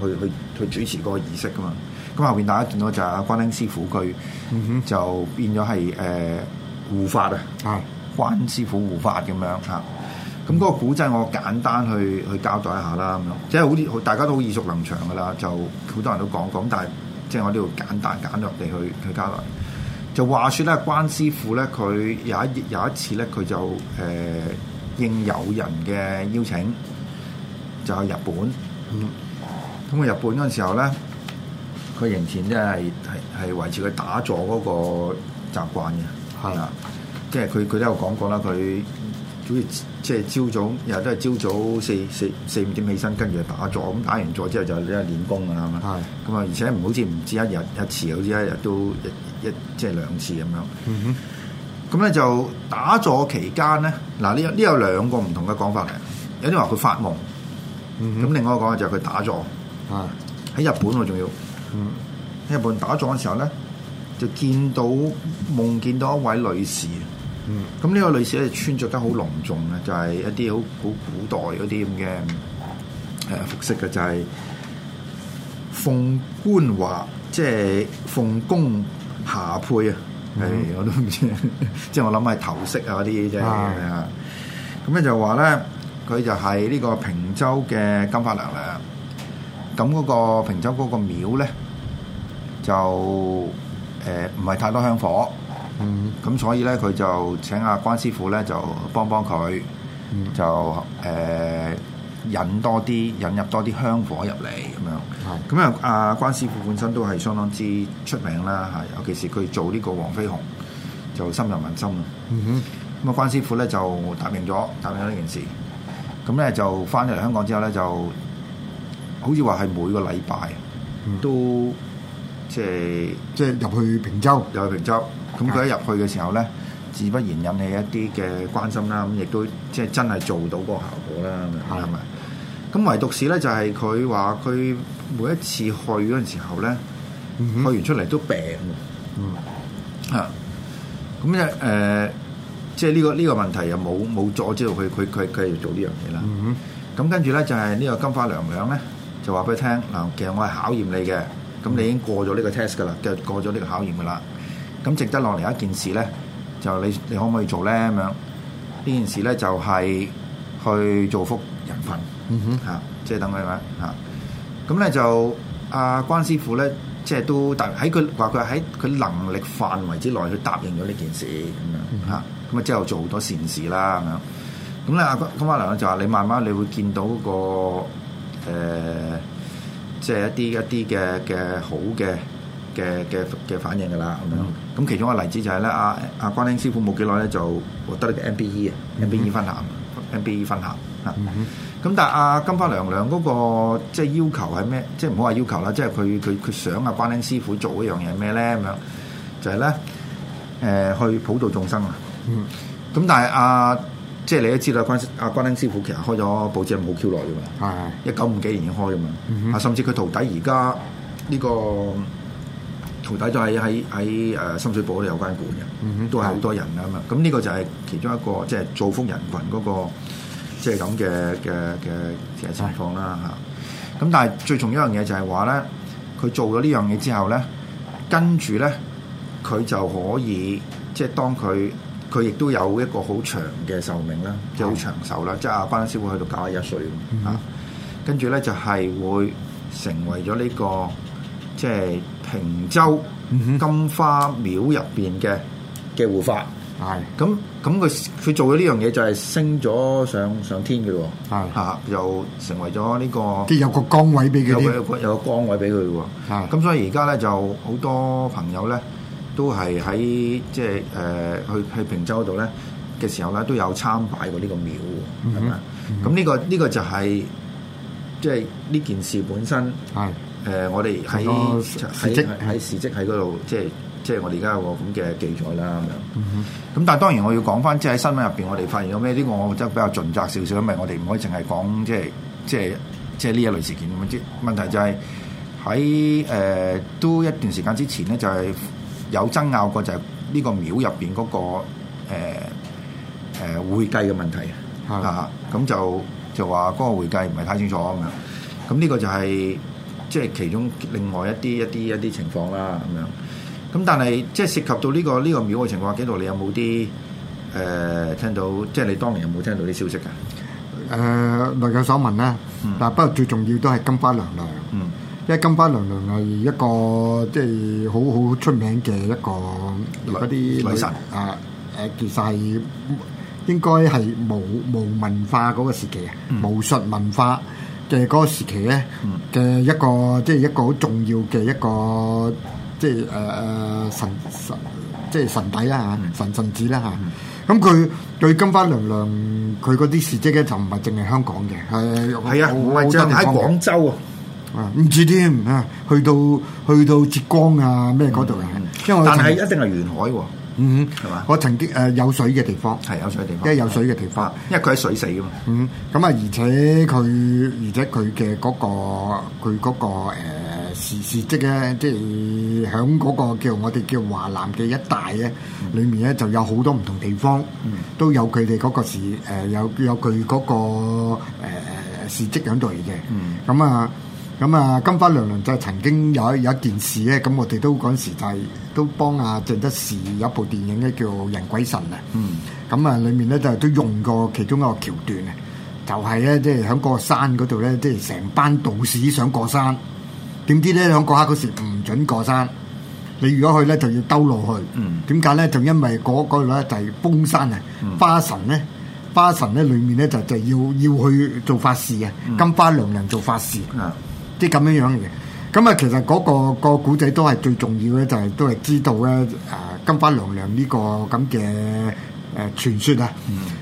Speaker 1: 去去去主持嗰個儀式噶嘛。咁後邊大家見到就係阿關師傅佢就變咗係誒護法啊！關師傅護法咁樣嚇。咁嗰個古仔我簡單去去交代一下啦，咁即係好似，大家都好耳熟能詳噶啦。就好多人都講講，但係即係我呢度簡單簡略地去去交代。就話說咧、啊，關師傅咧，佢有一有一次咧，佢就誒應友人嘅邀請。就係日本
Speaker 3: 咁，
Speaker 1: 咁佢、嗯、日本嗰陣時候咧，佢仍然即係係係維持佢打坐嗰個習慣嘅。係啊的，即係佢佢都有講過啦，佢主要即係朝早，日都係朝早，早四四四五點起身，跟住打坐咁，打完坐之後就即係練功㗎啦。係咁啊，而且唔好似唔止一日一次，好似一日都一,一即係兩次咁樣。嗯哼，咁咧就打坐期間咧，嗱呢呢有兩個唔同嘅講法嚟，有啲話佢發夢。咁、嗯、另外一個講嘅就係佢打坐，啊喺日本我仲要，喺日本打坐嘅時候咧，就見到夢見到一位女士，咁呢、嗯、個女士咧穿着得好隆重啊，嗯、就係一啲好好古代嗰啲咁嘅誒服飾嘅，就係鳳冠華，即係鳳冠霞帔。啊，係我都唔知，即係我諗係頭飾啊啲嘢啫，咁咧就話咧。佢就係呢個坪洲嘅金花娘娘。咁嗰個坪洲嗰個廟咧，就誒唔係太多香火，咁、mm hmm. 所以咧佢就請阿、啊、關師傅咧就幫幫佢，mm hmm. 就誒、呃、引多啲引入多啲香火入嚟咁樣。咁、mm hmm. 啊，阿關師傅本身都係相當之出名啦，嚇，尤其是佢做呢個黃飛鴻就深入民心啦。咁啊、
Speaker 3: mm
Speaker 1: hmm. 嗯，關師傅咧就答應咗答應咗呢件事。咁咧就翻咗嚟香港之後咧，就好似話係每個禮拜都、嗯、即係是即係入去平洲，入去平洲。咁佢的一入去嘅時候咧，自不然引起一啲嘅關心啦、啊。咁亦都即係真係做到嗰個效果啦、啊。係咪的？咁唯獨是咧，就係佢話佢每一次去嗰陣時候咧，嗯、哼去完出嚟都病。嗯啊，咁咧誒。呃即係呢個呢個問題又冇冇阻止到佢佢佢佢做呢樣嘢啦。咁、mm hmm. 跟住咧就係呢個金花娘娘咧就話俾佢聽嗱，其實我係考驗你嘅，咁你已經過咗呢個 test 㗎啦，即過咗呢個考驗㗎啦。咁值得落嚟一件事咧，就你你可唔可以做咧咁樣？呢件事咧就係去造福人群嚇、mm hmm. 啊，即係等佢話嚇。咁咧就阿關師傅咧，即係都但喺佢話佢喺佢能力範圍之內去答應咗呢件事咁樣嚇。Mm hmm. 啊咁之後做好多善事啦，咁樣咁咧。阿金花娘娘就話：你慢慢你會見到、那個誒，即、呃、係、就是、一啲一啲嘅嘅好嘅嘅嘅嘅反應㗎啦。咁、嗯、樣咁其中一個例子就係、是、咧，阿、啊、阿、啊、關興師傅冇幾耐咧就獲得個 M B E 啊，M B E 分行，M B E 分行嚇。咁但係、啊、阿金花娘娘嗰、那個即係、就是、要求係咩？即係唔好話要求啦，即係佢佢佢想阿關興師傅做一樣嘢係咩咧？咁樣就係咧誒去普度眾生啊！嗯，咁、mm hmm. 但係阿、啊、即係你都知道關阿關燈師傅其實開咗報紙冇 Q 久耐嘛，係一九五幾年已經開嘅嘛，mm hmm. 啊甚至佢徒弟而家呢個徒弟都喺喺喺誒深水埗都有間館嘅，都係好多人啊嘛，咁呢、mm hmm. 個就係其中一個即係造福人群嗰、那個即係咁嘅嘅嘅嘅情況啦吓，咁、mm hmm. 但係最重要一樣嘢就係話咧，佢做咗呢樣嘢之後咧，跟住咧佢就可以即係當佢。佢亦都有一個好長嘅壽命啦，即係好長壽啦，的即係阿班師傅去到一歲咯，跟住咧就係會成為咗呢、這個即係、就是、平洲金花廟入邊嘅嘅護法。係咁咁，佢佢做咗呢樣嘢就係升咗上上天嘅喎。係又的、啊、成為咗呢、這個。即係有個崗位俾佢。有個有個崗位俾佢喎。咁的、啊、所以而家咧就好多朋友咧。嗯都係喺即係誒去去平洲度咧嘅時候咧，都有參拜過呢個廟咁樣。咁呢、嗯哼呢個呢、呢個就係即係呢件事本身係誒、嗯啊、我哋喺喺史跡喺史跡喺嗰度，即係即係我哋而家有個咁嘅記載啦咁樣。咁、嗯、哼但係當然我要講翻，即係喺新聞入邊，我哋發現咗咩呢個，我覺得比較盡責少少，因為我哋唔可以淨係講即係即係即係呢一類事件咁樣。問題就係喺誒都一段時間之前咧、就係，就係。有爭拗過就係呢個廟入邊嗰個誒誒、呃呃、會計嘅問題的啊，咁就就話嗰個會計唔係太清楚咁樣，咁、啊、呢個就係即係其中另外一啲一啲一啲情況啦咁樣。咁、啊、但係即係涉及到呢、這個呢、這個廟嘅情況，幾度你有冇啲誒聽到？即、就、係、是、你當年有冇聽到啲消息㗎？誒、呃，
Speaker 4: 略有所聞啦。嗱、嗯，不過最重要都係金花娘娘。嗯。因為金花娘娘係一個即係好好出名嘅一個嗰啲女神啊！誒，其實係應該係巫巫文化嗰個時期啊，巫術文化嘅嗰個時期
Speaker 3: 咧
Speaker 4: 嘅一個即係一個好重要嘅一個即係誒誒神神即係神邸啦嚇，神神子啦嚇。咁佢對金花娘娘佢嗰啲事蹟咧，就唔係淨係香港
Speaker 1: 嘅，係係啊，唔係淨係喺廣州啊。
Speaker 4: 啊，唔知添啊，去到去到浙江啊咩嗰度啊，但係一定係沿海喎，嗯，係嘛？我
Speaker 1: 曾經誒有水
Speaker 4: 嘅地方係有水嘅地方，即係有水嘅地方，地方因為佢喺水死嘅嘛。嗯，咁啊，而且佢而且佢嘅嗰個佢嗰個誒事事蹟咧，即係喺嗰個叫我哋叫華南嘅一帶咧裏面咧，就有好多唔同地方都有佢哋嗰個事誒有有佢嗰個誒誒事蹟喺度嚟嘅。嗯，咁啊。咁啊，金花娘娘就係曾經有一有一件事咧，咁我哋都嗰陣時就係、是、都幫阿、啊、鄭則仕有一部電影咧叫《人鬼神》啊、嗯嗯。嗯。咁啊，裡面咧就都用過其中一個橋段啊，就係咧即係喺個山嗰度咧，即係成班道士想過山，點知咧喺過下嗰時唔准過山。你如果去咧就要兜路去。嗯。點解咧？就因為嗰度咧就係封山啊、嗯！花神咧，花神咧，裡面咧就就是、要要去做法事啊。嗯、金花娘，娘娘做法事、嗯啲咁樣樣嘅，咁啊，其實嗰個古仔都係最重要咧，就係、是、都係知道咧，誒，金花娘娘呢個咁嘅誒傳說啊，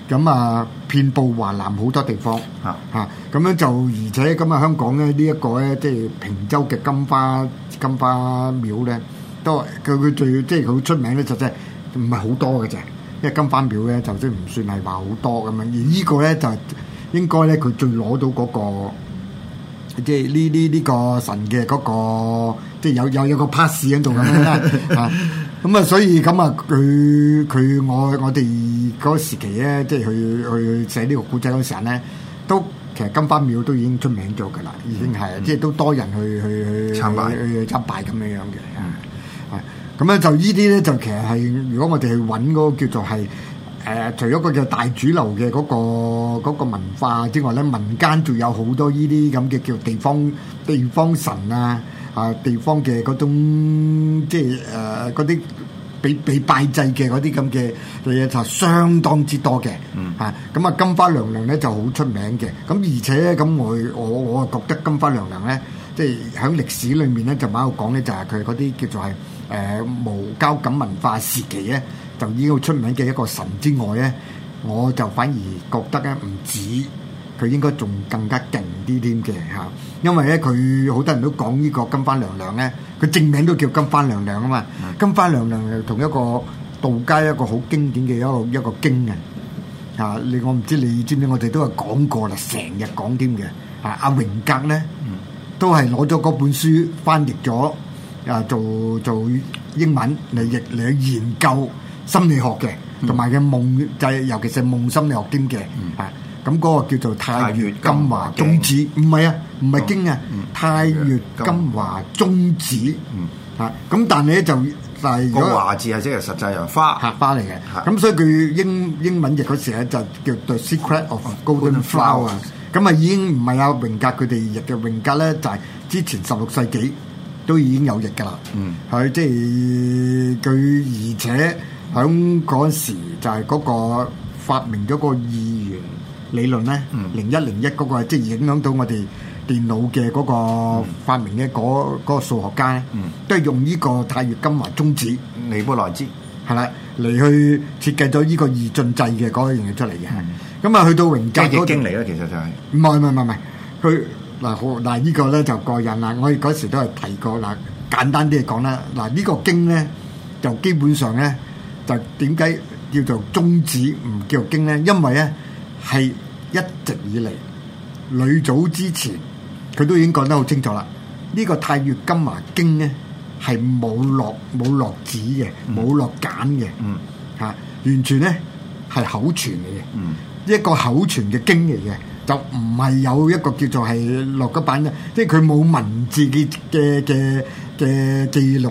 Speaker 4: 咁啊、嗯，遍佈華南好多地方吓吓，咁樣就而且咁啊，香港咧呢一個咧，即係坪洲嘅金花金花廟咧，都係佢佢最即係佢出名咧，就真係唔係好多嘅啫，因為金花廟咧，就算唔算係話好多咁樣，而呢個咧就應該咧，佢最攞到嗰、那個。即係呢呢呢個神嘅嗰、嗰個，即係有有有個 pass 喺度咁樣啦啊，咁啊所以咁啊佢佢我我哋嗰時期咧，即係去去寫呢個古仔嗰陣咧，都其實金花廟都已經出名咗噶啦，已經係即係都多人去、嗯、去去參拜去參拜參拜咁樣樣嘅，啊咁、嗯、啊就呢啲咧就其實係如果我哋去搵嗰個叫做係。誒、呃、除咗個叫大主流嘅嗰、嗰個嗰個文化之外咧，民間仲有好多呢啲咁嘅叫地方地方神啊啊地方嘅嗰種即係誒嗰啲俾俾拜祭嘅嗰啲咁嘅嘢就是、相當之多嘅嚇。咁、嗯、啊、嗯、金花娘娘咧就好出名嘅。咁而且咧咁我我我啊覺得金花娘娘咧即係喺歷史裏面咧就馬度講咧就係佢嗰啲叫做係誒、呃、無交感文化時期咧。就依個出名嘅一個神之外咧，我就反而覺得咧唔止佢應該仲更加勁啲添嘅嚇，因為咧佢好多人都講呢個金花娘娘咧，佢正名都叫金花娘娘啊嘛。金花娘娘又同一個道家一個好經典嘅一個一個經人嚇，你我唔知你知唔知？我哋都係講過啦，成日講添嘅嚇。阿榮格咧，都係攞咗嗰本書翻譯咗啊，做做英文嚟譯嚟去研究。心理學嘅，同埋嘅夢，就係尤其是夢心理學兼嘅，咁嗰、嗯嗯嗰個叫做太乙金華宗旨」，唔係啊，唔係經啊，太乙金華宗旨，啊，咁但係咧就係個華
Speaker 1: 字啊，即係實際係花，花嚟嘅，咁
Speaker 4: 是所以佢英英文譯嗰時咧就叫 The Secret of Golden Flower，咁啊已經唔係阿榮格佢哋譯嘅。榮格咧，就係之前十六世紀都已經有譯噶啦，嗯，係即係佢而且。喺嗰陣時就係嗰個發明咗個二元理論咧，零一零一嗰個即係影響到我哋電腦嘅嗰個發明嘅嗰嗰個數學家咧，都係用呢個太乙金華宗旨，尼波萊茲係啦，嚟去設計咗呢個二進制嘅嗰樣嘢出嚟嘅。咁啊去到榮格嗰個經嚟啦，其實就係唔係唔係唔係佢嗱，嗱呢個咧就個人啦。我哋嗰時都係提過嗱，簡單啲嚟講咧嗱，呢個經咧就基本上咧。就點解叫做宗旨唔叫經咧？因為咧係一直以嚟呂祖之前，佢都已經講得好清楚啦。呢個太乙金華經咧係冇落冇落紙嘅，冇落簡嘅，嚇完全咧係口傳嚟嘅，一個口傳嘅經嚟嘅，就唔係有一個叫做係落個版嘅，即係佢冇文字嘅嘅嘅記錄。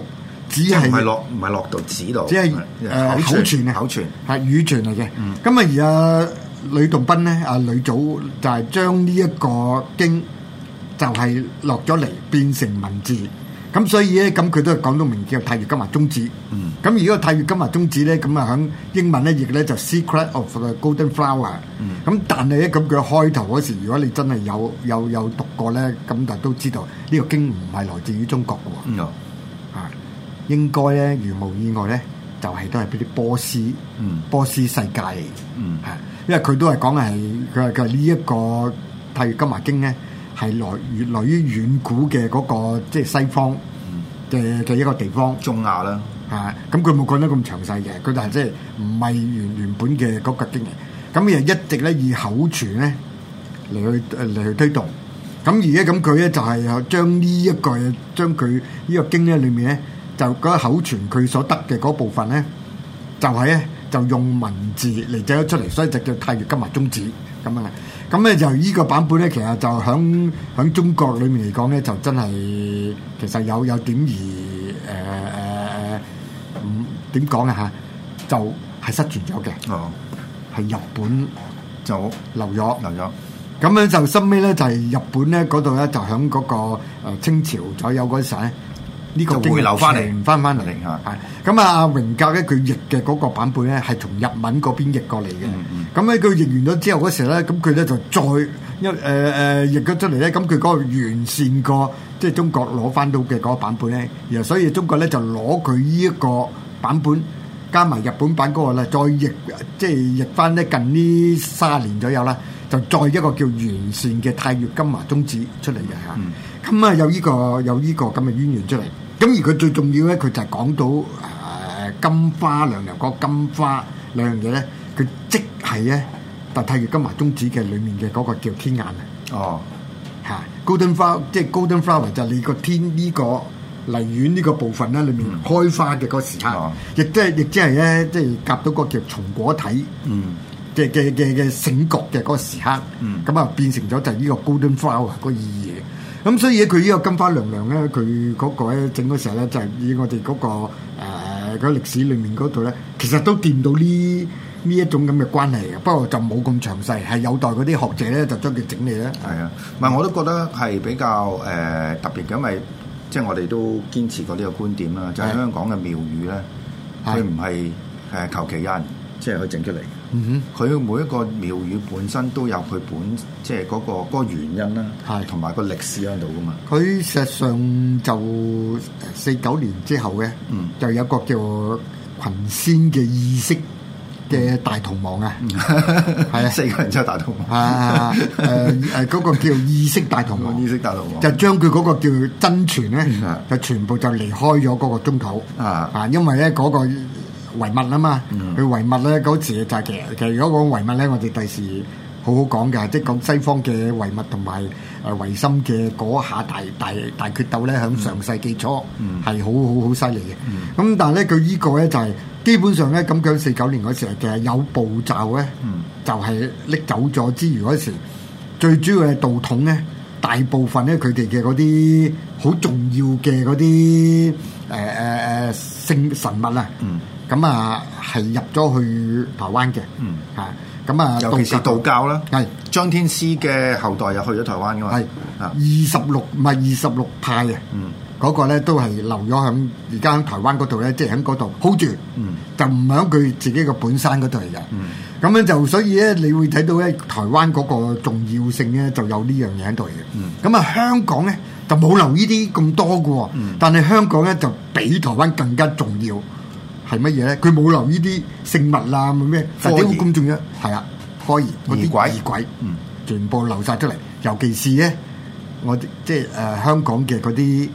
Speaker 1: 只係唔係落唔係落到紙度，只
Speaker 4: 係誒口傳啊，口傳係語傳嚟嘅。咁啊，而阿呂洞賓咧，阿呂祖就係將呢一個經就係落咗嚟變成文字。咁所以咧，咁佢都係講到名叫《太乙金華宗旨》。咁如果《太乙金華宗旨》咧，咁啊，喺英文咧，亦咧就《Secret of the Golden Flower》。咁但係咧，咁佢開頭嗰時，如果你真係有有有讀過咧，咁就都知道呢個經唔係來自於中國嘅喎。應該咧，如無意外咧，就係、是、都係嗰啲波斯、嗯、波斯世界嚟嘅，嗯、因為佢都係講嘅係佢佢呢一個泰《太乙金華經》咧，係來越來於遠古嘅嗰、那個即係西方嘅嘅一個地方，嗯、中亞啦，嚇，咁佢冇講得咁詳細嘅，佢就係即係唔係原原本嘅嗰個經嘅，咁佢就一直咧以口傳咧嚟去嚟去推動，咁而家咁佢咧就係又將呢一句將佢呢個經咧裏面咧。就嗰口傳佢所得嘅部分咧，就係咧就用文字嚟寫咗出嚟，所以就叫太乙金華宗旨咁樣嘅。咁咧就依個版本咧，其實就響響中國裏面嚟講咧，就真係其實有有點而誒誒誒點講啊吓，就係失傳咗嘅。哦、嗯，係日本就留咗，留咗。咁樣就收尾咧，就係日本咧嗰度咧，就響嗰個清朝左右嗰陣。呢個匯流翻嚟，翻翻嚟嚇。咁啊，阿榮格咧，佢譯嘅嗰個版本咧，係從日文嗰邊譯過嚟嘅。咁咧，佢譯完咗之後嗰時咧，咁佢咧就再一誒誒譯咗出嚟咧，咁佢嗰個完善過即係中國攞翻到嘅嗰個版本咧，然後所以中國咧就攞佢呢一個版本加埋日本版嗰個咧，再譯即係譯翻咧近呢卅年左右啦，就再一個叫完善嘅太乙金華宗旨出嚟嘅嚇。咁啊、嗯，有呢、這個有呢個咁嘅淵源出嚟。咁而佢最重要咧，佢就係講到誒、呃、金花娘娘嗰金花兩樣嘢咧，佢即係咧特太乙金華宗旨嘅裏面嘅嗰個叫天眼啊。哦，嚇，golden flower 即係 golden flower 就係你個天呢、這個梨園呢個部分咧，裏面開花嘅嗰個時刻，亦即係亦即係咧，即係、就是就是就是、夾到個叫松果體嘅嘅嘅嘅醒覺嘅嗰個時刻。嗯，咁啊、嗯、變成咗就係呢個 golden flower 個意義。咁所以佢呢個金花娘娘咧，佢嗰個咧整嗰時候咧，就係以我哋嗰個誒嗰歷史裏面嗰度咧，其實都掂到呢呢一種咁嘅關係嘅。不過就冇咁詳細，係有待嗰啲學者咧就將佢整理咧。係啊，
Speaker 1: 唔係我都覺得係比較誒特別嘅，因為即係我哋都堅持過呢個觀點啦，就係香港嘅廟宇咧，佢唔係誒求其因。即係佢整出嚟，佢、嗯、喲 每一個廟宇本身都有佢本即係嗰、那個那個原因啦，同埋個歷史喺度噶嘛。
Speaker 4: 佢實上就四九年之後咧，嗯、就有個叫群仙嘅意識嘅大同王大逃亡啊，係、嗯、啊， 四個人之後大逃亡 啊，誒誒嗰個叫意識大逃亡，意識大逃亡就將佢嗰個叫真傳咧，就全部就離開咗嗰個中土啊，啊，因為咧、那、嗰個。唯物啊嘛，佢唯物咧嗰時就係其實其實如果講唯物咧，我哋第時好好講㗎，即講西方嘅唯物同埋誒唯心嘅嗰下大大大決鬥咧，喺上世紀初係好好好犀利嘅。咁但係咧、就是，佢依個咧就係基本上咧，咁佢四九年嗰時其實有步驟咧，就係拎走咗之餘嗰時，最主要係道統咧，大部分咧佢哋嘅嗰啲好重要嘅嗰啲誒誒誒聖神物啊。嗯咁啊，係入咗去台灣嘅，嚇。咁啊，尤其是道教
Speaker 1: 啦，係張天師嘅後
Speaker 4: 代又去咗台灣噶嘛？係、嗯、是二十六唔係二十六派啊，嗰、嗯、個咧都係留咗喺而家喺台灣嗰度咧，即係喺嗰度 hold 住，嗯、就唔喺佢自己嘅本山嗰度嚟嘅。咁樣、嗯、就所以咧，你會睇到咧台灣嗰個重要性咧，就有呢樣嘢喺度嘅。咁啊、嗯，嗯、香港咧就冇留呢啲咁多嘅喎，嗯、但係香港咧就比台灣更加重要。係乜嘢咧？佢冇留呢啲聖物啊，咁咩？但係點解會咁重要？係啊，科研嗰啲異鬼，鬼嗯，全部流晒出嚟。尤其是咧，我即係誒、呃、香港嘅嗰啲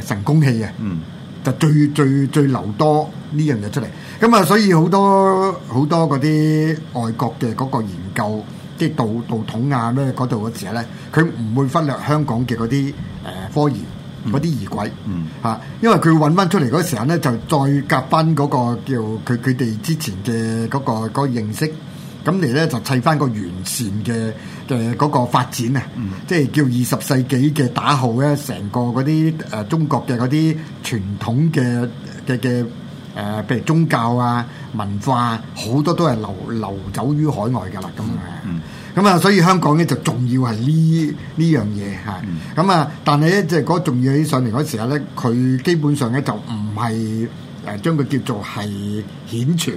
Speaker 4: 誒神功器啊，嗯，就最最最流多呢樣嘢出嚟。咁啊，所以好多好多嗰啲外國嘅嗰個研究，即係道道統啊，咧嗰度嘅時候咧，佢唔會忽略香港嘅嗰啲誒科研。嗰啲疑鬼，嚇，嗯、因為佢揾翻出嚟嗰時候咧，就再夾翻嗰個叫佢佢哋之前嘅嗰、嗰個嗰、嗰個、認識，咁嚟咧就砌翻個完善嘅嘅嗰個發展啊，嗯、即係叫二十世紀嘅打號咧，成、嗯、個嗰啲誒中國嘅嗰啲傳統嘅嘅嘅誒，譬如宗教啊、文化好多都係流流走於海外㗎啦，咁樣。嗯嗯咁啊，所以香港咧就重要係、嗯、呢呢樣嘢嚇。咁啊，但係咧即係嗰重要起上嚟嗰時候咧，佢基本上咧就唔係誒將佢叫做係顯存，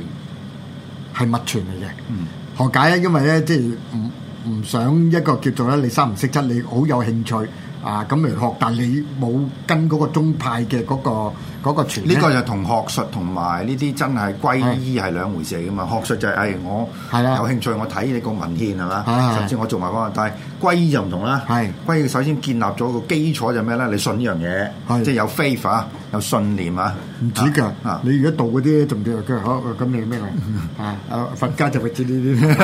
Speaker 4: 係物存嚟嘅。嗯、何解咧？因為咧即係唔唔想一個叫做咧你三唔識七，你好有興趣。啊，咁嚟學，但係你冇跟嗰個宗派
Speaker 1: 嘅嗰、那個嗰、嗰個傳呢個就同學術同埋呢啲真係歸依係兩回事嚟噶嘛？學術就係、係，唉、哎，我有興趣，我睇你個文獻係嘛，的吧甚至我做埋嗰個，但係歸依就唔同啦。係的歸依首先建立咗個基礎就咩咧？你信呢樣嘢，的即係有 faith、啊有信念啊！唔止噶，啊、你而家道嗰啲仲叫佢好？咁你咩嚟？啊，佛、
Speaker 4: 啊啊、家就係知呢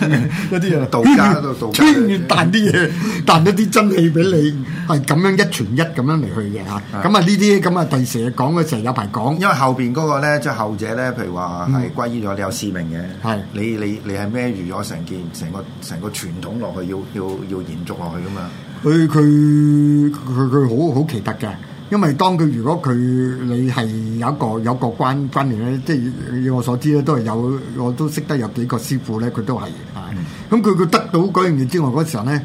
Speaker 4: 啲，一啲人道家喺度道家。穿越彈啲嘢，彈一啲真氣俾你，係咁樣一傳一咁樣嚟去嘅嚇。咁啊呢
Speaker 1: 啲咁啊第時講嘅時候有排講，因為後邊嗰個咧即係後者咧，譬如話係關於咗你有使命嘅，係、嗯、你你你係孭住咗成件成個成個,個傳統落去要，要要要,要延續落去噶嘛。
Speaker 4: 佢佢佢佢好好奇特嘅。因為當佢如果佢你係有一個有一個關關聯咧，即係以我所知咧，都係有我都識得有幾個師傅咧，佢都係啊。咁佢佢得到嗰樣嘢。之外，嗰時候咧，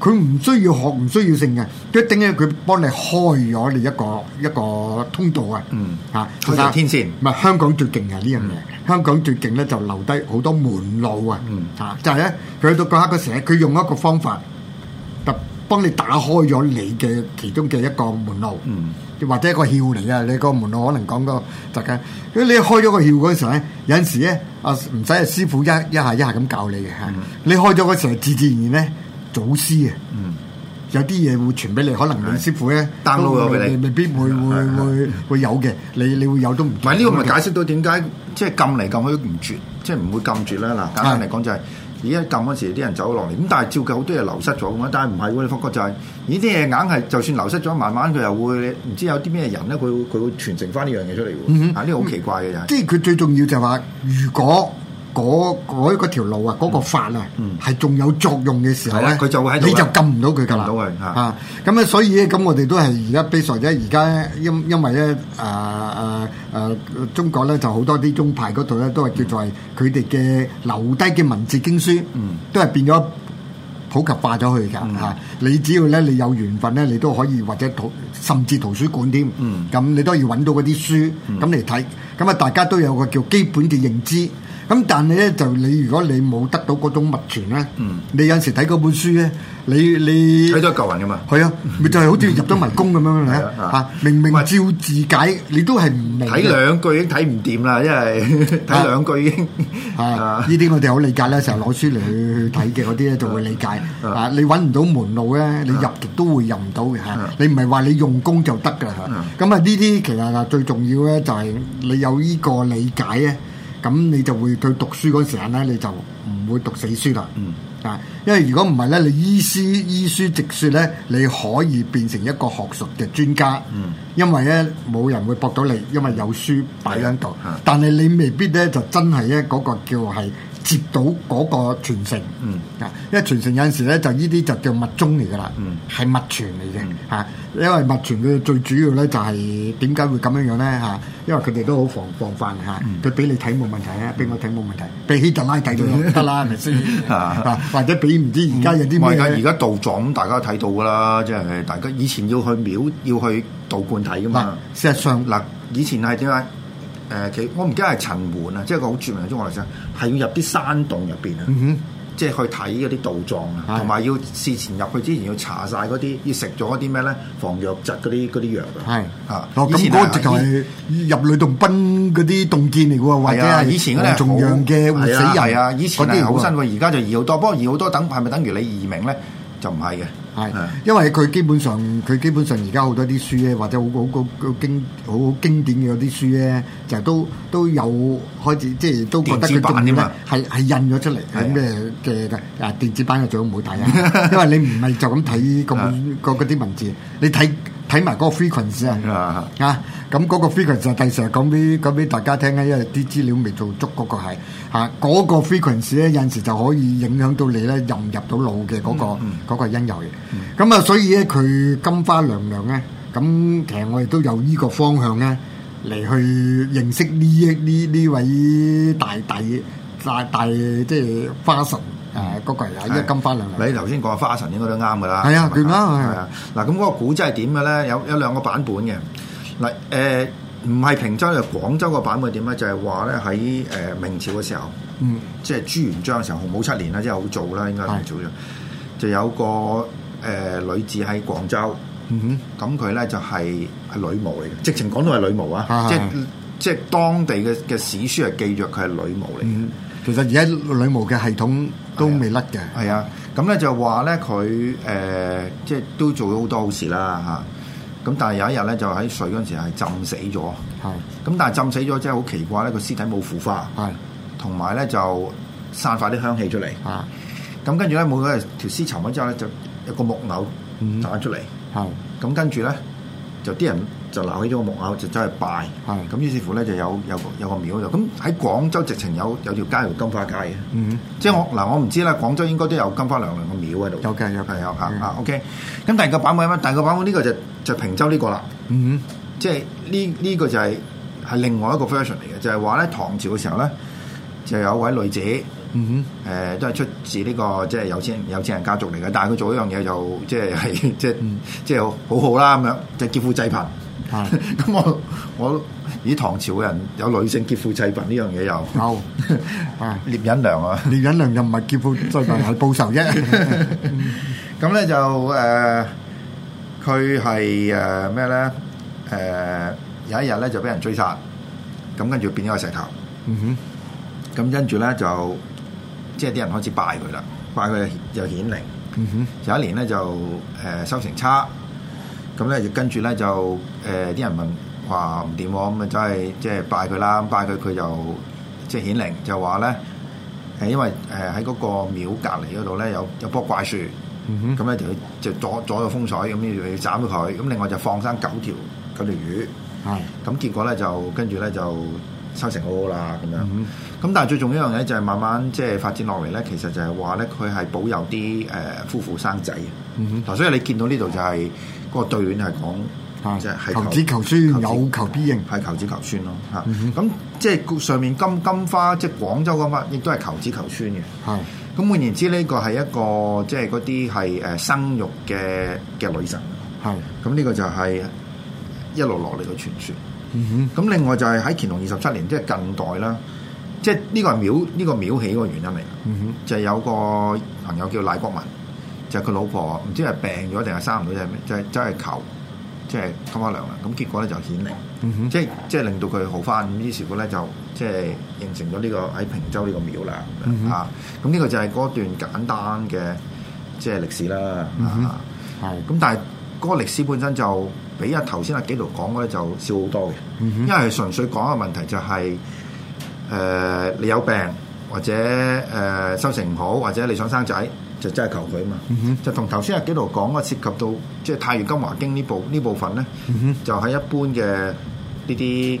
Speaker 4: 佢唔需要學，唔需要成嘅，一定咧佢幫你開咗你一個一個通道啊。
Speaker 1: 嗯啊，所以天線
Speaker 4: 唔係香港最勁嘅呢樣嘢，香港最勁咧就留低好多門路啊、嗯。嗯，嗯就係咧，佢到嗰刻嗰時咧，佢用一個方法。幫你打開咗你嘅其中嘅一個門路，又、嗯、或者一個竅嚟啊！你個門路可能講個特價，咁你開咗個竅嗰陣時候咧，有陣時咧，阿唔使阿師傅一一下一下咁教你嘅、嗯、你開咗嗰時係自自然然咧，祖師嘅，嗯、有啲嘢會傳俾你，可能你師傅咧，但係我哋未
Speaker 1: 必會會會會有嘅，你你會有都唔係。呢個咪解釋到點解即係撳嚟撳去都唔絕，即係唔會撳絕啦嗱，簡單嚟講就係。的的而家撳嗰時啲人走落嚟，咁但係照計好多嘢流失咗嘅嘛，但係唔係喎，你發覺就係呢啲嘢硬係，就算流失咗，慢慢佢又會唔知有啲咩人咧，佢佢會，會傳承翻呢樣嘢出嚟喎，嗯、哼啊呢個好奇怪嘅嘢。即係
Speaker 4: 佢最重要就係話，如果，嗰嗰一個條路啊，嗰個法啊，係仲有作用嘅時候咧，你就撳唔到佢噶啦。啊，咁啊，所以咧，咁我哋都係而家悲傷啫。而家因因為咧，誒誒誒，中國咧就好多啲宗派嗰度咧，都係叫做係佢哋嘅留低嘅文字經書，都係變咗普及化咗去㗎嚇。你只要咧，你有緣分咧，你都可以或者圖甚至圖書館添。咁你都要揾到嗰啲書咁嚟睇。咁啊，大家都有個叫基本嘅認知。咁但係咧，就你如果你冇得到嗰種物傳咧，你有陣時睇嗰本書咧，你你睇咗舊文噶嘛？係啊，咪就係好似入咗迷宮咁樣樣，係啊，明明照字解你都係唔明。睇兩
Speaker 1: 句已經睇唔掂啦，因為睇兩句已
Speaker 4: 經係呢啲我哋好理解咧，成日攞書嚟去睇嘅嗰啲咧就會理解。啊，你揾唔到門路咧，你入極都會入唔到嘅嚇。你唔係話你用功就得噶嚇。咁啊呢啲其實啊最重要咧，就係你有呢個理解咧。咁你就會去讀書嗰陣時咧，你就唔會讀死書啦。嗯，啊，因為如果唔係咧，你依書依書直説咧，你可以變成一個學術嘅專家。嗯，因為咧冇人會駁到你，因為有書擺喺度。嗯、但係你未必咧就真係咧嗰個叫係。接到嗰個傳承，啊，因為傳承有陣時咧就呢啲就叫密宗嚟噶啦，係 密傳嚟嘅，嚇，因為密傳佢最主要咧就係點解會咁樣樣咧嚇，因為佢哋都好防防範嚇，佢俾你睇冇問題啊，俾我睇冇問題，俾希特拉睇到得啦，
Speaker 3: 咪
Speaker 1: 先 或者俾唔知而家有啲咩？唔係啊，而家道藏咁大家睇到噶啦，即係大家以前要去廟要去道觀睇噶嘛，事實上嗱以前係點解？誒，我唔記得係陳滿啊，即係個好著名嘅中國歷史，係要入啲山洞入邊啊，即係去睇嗰啲道藏啊，同埋要事前入去之前要查晒嗰啲，要食咗啲咩咧？防藥質嗰啲啲藥啊。係啊，咁嗰個直頭係
Speaker 4: 入雷洞賓嗰啲洞見嚟喎，喂，或者以前嗰啲仲重嘅死人啊，以前嗰啲好新
Speaker 1: 而家就移好多，不過移好多等係咪等於你移民咧？就唔係嘅。係，因
Speaker 4: 為佢基本上，佢基本上而家好多啲書咧，或者好好好經好經典嘅啲書咧，就都都有開始即係都覺得佢重咧，係係印咗出嚟嘅咁嘅嘅啊！電子版嘅樣的最好唔好睇啊， 因為你唔係就咁睇咁個啲、 那個那個、文字，你睇。睇埋嗰個 frequency、mm hmm. 啊，啊，咁嗰個 frequency 就第時講俾講俾大家聽啊，因為啲資料未做足嗰、嗰個係，嚇嗰個 frequency 咧有陣時就可以影響到你咧任入到腦嘅個、mm hmm. 個嗰個因由嘅。咁、mm hmm. 啊，所以咧佢金花娘娘咧，咁其實我哋都有呢個方向咧嚟去認識呢一呢呢
Speaker 1: 位大帝大大即係、就是、花神。誒，那個個係一金花娘娘。你頭先講花神應該都啱噶啦。係啊的，啱啊吧。嗱，咁嗰個古蹟係點嘅咧？有有兩個版本嘅。嗱、呃，誒唔係平洲就廣州嘅版本點咧？就係話咧喺誒明朝嘅時候，嗯，即係朱元璋嘅時候，洪武七年啦，即係好早啦，應該嚟做嘅。的就有個誒、呃、女子喺廣州，嗯哼，咁佢咧就係、是、係女巫嚟嘅，直情講到係女巫啊！嗯、哼即即係當地嘅嘅史書係記著佢係女巫嚟嘅。其實而家女巫嘅系統都未甩嘅，係啊，咁咧就話咧佢誒，即係都做咗好多好事啦嚇。咁但係有一日咧，就喺水嗰陣時係浸死咗。係的。咁但係浸死咗即係好奇怪咧，個屍體冇腐化。係的。同埋咧就散發啲香氣出嚟。啊的。咁跟住咧，冇嗰條屍沉咗之後咧，就有一個木偶掙出嚟。係、嗯。咁跟住咧，就啲人，就攞起咗個木偶就走去拜，咁、嗯、於是乎咧就有有有個廟度。咁喺廣州直情有有條街叫金花街嘅，
Speaker 3: 嗯、
Speaker 1: 即係我嗱是、呃、我唔知啦。廣州應該都有金花娘娘、就是就是、個廟喺度。有嘅有嘅有嚇 O K。咁第二個版本咧，第二個版本呢個就就平洲呢個啦。嗯，即係呢呢個就係係另外一個 version 嚟嘅，就係話咧唐朝嘅時候咧，就有一位女仔，誒、
Speaker 3: 嗯
Speaker 1: 呃、都係出自呢、這個即係、就是、有錢有錢人家族嚟嘅，但係佢做一樣嘢就即係係即係即係好好啦咁樣，即係劫富濟貧。係咁我我以唐朝嘅人有女性劫富濟貧呢樣嘢，又有啊，聶隱娘啊。聶隱娘又唔係劫富濟貧，係報仇啫。咁咧就誒佢係誒咩咧，誒有一日咧就俾人追殺，咁跟住變咗個石頭。嗯
Speaker 2: 哼，
Speaker 1: 咁跟住咧就即係啲人開始拜佢啦，拜佢又顯靈。嗯
Speaker 2: 哼，
Speaker 1: 有一年咧就誒收成差。咁咧就跟住咧就誒啲人問話唔掂喎，咁咪真係即係拜佢啦，拜佢佢就即係顯靈，就話咧係因為誒喺嗰個廟隔離嗰度咧有有棵怪樹，咁咧就去就阻咗咗風水，咁要要斬咗佢，咁另外就放生九條九條魚，咁結果咧就跟住咧就收成屙好啦咁樣。咁、嗯、哼但係最重要一樣嘢就係慢慢即係發展落嚟咧，其實就係話咧佢係保佑啲誒、呃、夫婦生仔。所以你見到呢度就係。個對聯係講嚇，即係的求，求子求孫，求子有求必應，係求子求孫咯嚇。咁即係上面金金花，即係廣州嗰忽，亦都係求子求孫嘅。係咁的，換言之，呢個係一個即係嗰啲係誒生育嘅嘅女神。係咁的，呢個就係一路落嚟嘅傳說。咁、嗯、哼另外就係喺乾隆二十七年，即係近代啦，即係呢個廟呢、呢個廟起個原因嚟、嗯、哼就係有個朋友叫賴國文。就係佢老婆唔知係病咗定係生唔到仔，即係、就是、即係求即係通摸娘啦。咁結果咧就顯靈，mm hmm. 即係即係令到佢好返。咁於是乎咧就即係形成咗呢、這個喺平洲呢個廟啦。嚇、mm，咁、hmm. 呢、啊這個就係嗰段簡單嘅即係歷史啦。嚇，咁但係嗰個歷史本身就比一頭先阿紀陶講嘅咧就少好多嘅。Mm hmm. 因為純粹講一個問題就係、是、誒、呃、你有病或者誒、呃、收成唔好或者你想生仔。就真係求佢嘛？嗯、哼就同頭先阿幾度講啊，涉及到即係《太原金華經》呢部呢部分咧，嗯、
Speaker 4: 哼
Speaker 1: 就喺一般嘅呢啲誒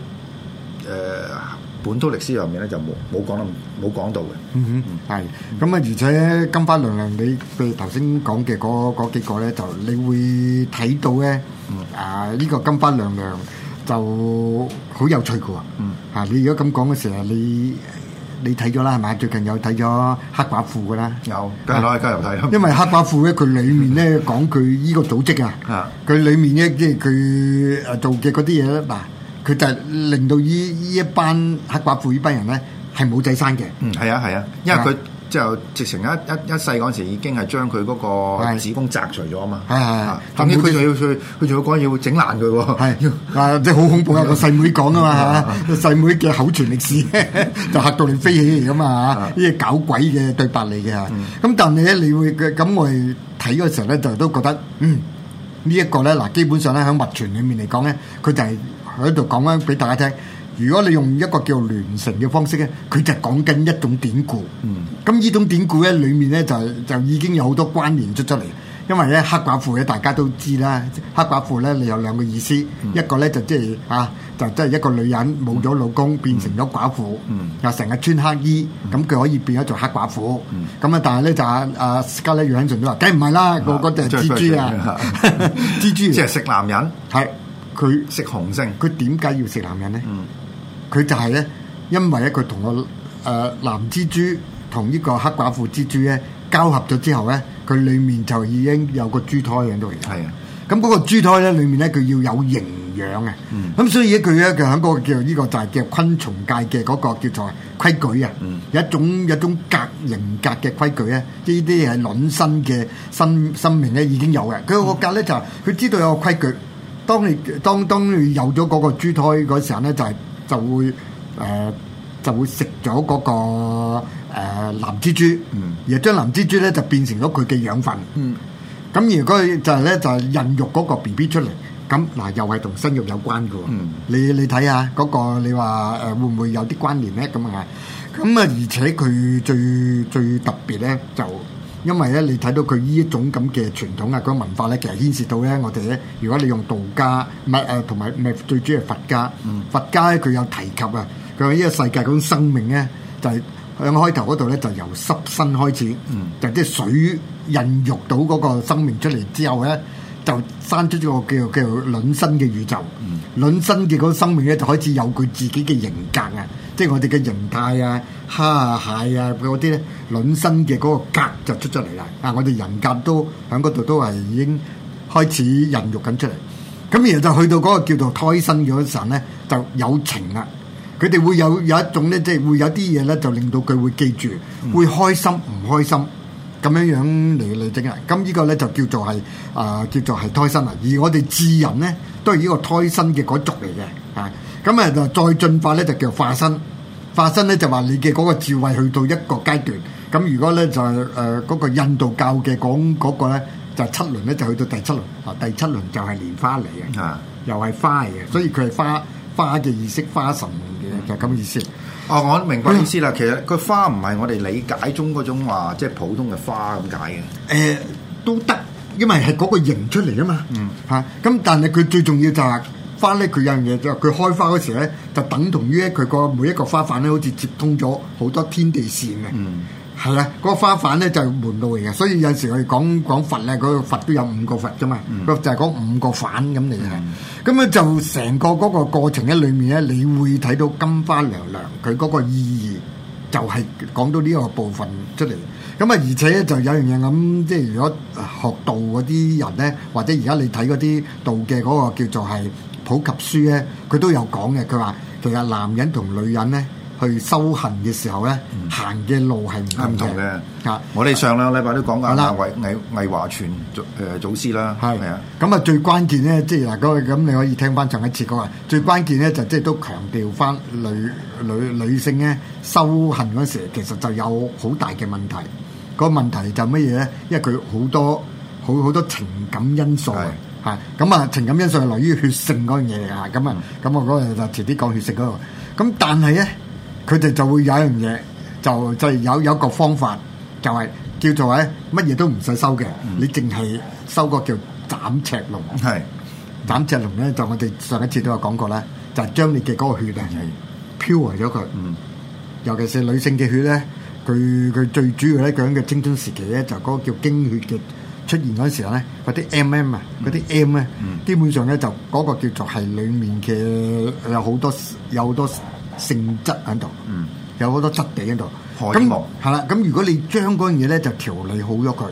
Speaker 1: 本土歷史上面咧，就冇冇講到冇講到嘅。嗯哼，
Speaker 4: 係、嗯。咁啊，嗯、而且金花娘娘你，你對頭先講嘅嗰嗰幾個咧，就你會睇到咧。
Speaker 1: 嗯
Speaker 4: 啊，呢、呢個金花娘娘，娘就好有趣嘅喎。嗯啊，你如果咁講嘅時候你，你。你睇咗啦係嘛？最近有睇咗黑寡婦嘅啦，有，梗係攞去加續睇，因為黑寡婦咧，佢裏面咧 講佢依個組織啊，佢裏 面咧即係佢誒做嘅嗰啲嘢咧，嗱，佢就係令到依依一班黑寡婦呢班人咧係冇仔生嘅。嗯，
Speaker 1: 係啊，係啊，因為佢。之後，直情一一一細嗰陣時，已經係將佢嗰個子宮摘除咗啊嘛！後屘佢就要去，佢仲要講嘢會整爛佢喎，啊！即係好恐怖一個細妹講啊嘛嚇，細妹嘅口傳歷史
Speaker 4: 就嚇到你飛起嚟咁嘛。呢個搞鬼嘅對白嚟嘅，咁但係咧，你會嘅咁我哋睇嗰時候咧，就都覺得嗯呢一個咧嗱，基本上咧喺物傳裡面嚟講咧，佢就係喺度講咧俾大家聽。如果你用一個叫聯乘嘅方式咧，佢就講緊一種典故。咁呢種典故咧，裡面咧就就已經有好多關聯出出嚟。因為咧黑寡婦咧，大家都知啦。黑寡婦咧，你有兩個意思，一個咧就即係啊，就即係一個女人冇咗老公變成咗寡婦，又成日穿黑衣，咁佢可以變咗做黑寡婦。咁啊，但係咧就阿阿斯嘉咧楊順都話，梗唔係啦，個個就係蜘蛛啊，
Speaker 1: 蜘蛛。即係食男人，係
Speaker 4: 佢食雄性，佢點解要食男人咧？佢就係咧，因為咧佢同個誒藍蜘蛛同呢個黑寡婦蜘蛛咧交合咗之後咧，佢裡面就已經有個豬胎喺度嚟。係啊的，咁嗰個豬胎咧，裡面咧佢要有營
Speaker 3: 養嘅。咁、
Speaker 4: 嗯、所以咧佢咧，佢喺嗰個叫呢個就係叫昆蟲界嘅嗰個叫做規矩啊。有、嗯、一種有一種格型格嘅規矩咧，呢啲係卵生嘅生生命咧已經有嘅。佢個格咧就係佢知道有個規矩，當你當你有咗嗰個豬胎嗰時候咧，就係、是。就會誒、呃、就會食咗嗰個誒、呃、藍蜘蛛，
Speaker 3: 嗯、
Speaker 4: 而將藍蜘蛛咧就變成咗佢嘅養分。咁如果就係咧就係、是、孕育嗰個 BB 出嚟，咁嗱又係同生育有關㗎喎、嗯。你、那個、你睇下嗰個你話誒會唔會有啲關聯咧？咁啊，咁啊，而且佢最最特別咧就。因為咧，你睇到佢呢一種咁嘅傳統啊，嗰種文化咧，其實牽涉到咧，我哋咧，如果你用道家，唔係誒，同埋唔係最主要係佛家。嗯。佛家咧，佢有提及啊，佢話呢個世界嗰種生命咧，就係響開頭嗰度咧，就由濕身開始。嗯。就啲水孕育到嗰個生命出嚟之後咧，就生出咗個叫叫卵生嘅宇宙。嗯。卵生嘅嗰個生命咧，就開始有佢自己嘅形格啊。即係我哋嘅形態啊，蝦啊、蟹啊嗰啲咧，卵生嘅嗰個格就出咗嚟啦。啊，我哋人格都喺嗰度都係已經開始孕育緊出嚟。咁然後就去到嗰個叫做胎生嗰時候咧，就有情啦。佢哋會有有一種咧，即係會有啲嘢咧，就令到佢會記住，嗯、會開心唔開心咁樣樣嚟嚟整啊。咁依個咧就叫做係啊、呃，叫做係胎生啊。而我哋智人咧，都係呢個胎生嘅嗰族嚟嘅啊。咁啊，就再進化咧，就叫化身。化身咧就話你嘅嗰個智慧去到一個階段。咁如果咧就誒嗰個印度教嘅講嗰個咧，就七輪咧就去到第七輪。啊，第七輪就係蓮花嚟嘅，啊、又係花嘅，所以佢係花花嘅意識、花神嘅，
Speaker 1: 就咁、係、意思。哦、啊，我明白意思啦。嗯、其實個花唔係我哋理解中嗰種話，即、就、係、係、普通嘅花咁解嘅。誒、呃，
Speaker 4: 都得，因為係嗰個形出嚟啊嘛。嗯。嚇，咁但係佢最重要就係、係。花咧，佢有樣嘢就係佢開花嗰時咧，就等同於佢個每一個花瓣咧，好似接通咗好多天地線嘅，係啦、嗯，嗰、嗰個花瓣咧就係、門路嚟嘅。所以有陣時我哋講講佛咧，嗰個佛都有五個佛啫嘛，嗯、就係講五個瓣咁嚟嘅。咁咧、嗯、就成個嗰個過程喺裏面咧，你會睇到金花娘娘佢嗰個意義，就係講到呢個部分出嚟。咁啊，而且就有樣嘢咁，即係如果學道嗰啲人咧，或者而家你睇嗰啲道嘅嗰個叫做係。好及書咧，佢都有講嘅。佢話其實男人同女人咧，去修行嘅時候咧，行嘅、嗯、路係唔同
Speaker 1: 嘅。啊，我哋上兩個禮拜都講緊啊、嗯、魏魏魏華存、呃、祖師啦，係啊。
Speaker 4: 咁啊，最關鍵咧，即係嗱，咁你可以聽翻上一次講話，最關鍵咧就即係都強調翻女女女性咧修行嗰時，其實就有好大嘅問題。個問題就乜嘢咧？因為佢好多好好多、好多情感因素。嚇咁啊！嗯、情感因素係來於血性嗰樣嘢嚟嚇，咁啊咁我嗰度就遲啲講血性嗰度。咁但係咧，佢哋就會有一樣嘢，就就有有一個方法，就係、是、叫做咧乜嘢都唔使收嘅，嗯、你淨係收個叫斬赤龍。係是斬赤龍咧，就我哋上一次都有講過啦，就係、是、將你嘅嗰個血啊 pure 咗佢。嗯。尤其是女性嘅血咧，佢佢最主要咧，佢喺佢青春時期咧，就嗰個叫經血嘅。出現嗰陣時候咧，嗰啲 M M 啊，嗰啲 M 咧，基本上咧就嗰個叫做係裡面嘅有好多有好多性質喺度，有好多質地喺度。咁係啦，咁如果你將嗰樣嘢咧就調理好咗佢，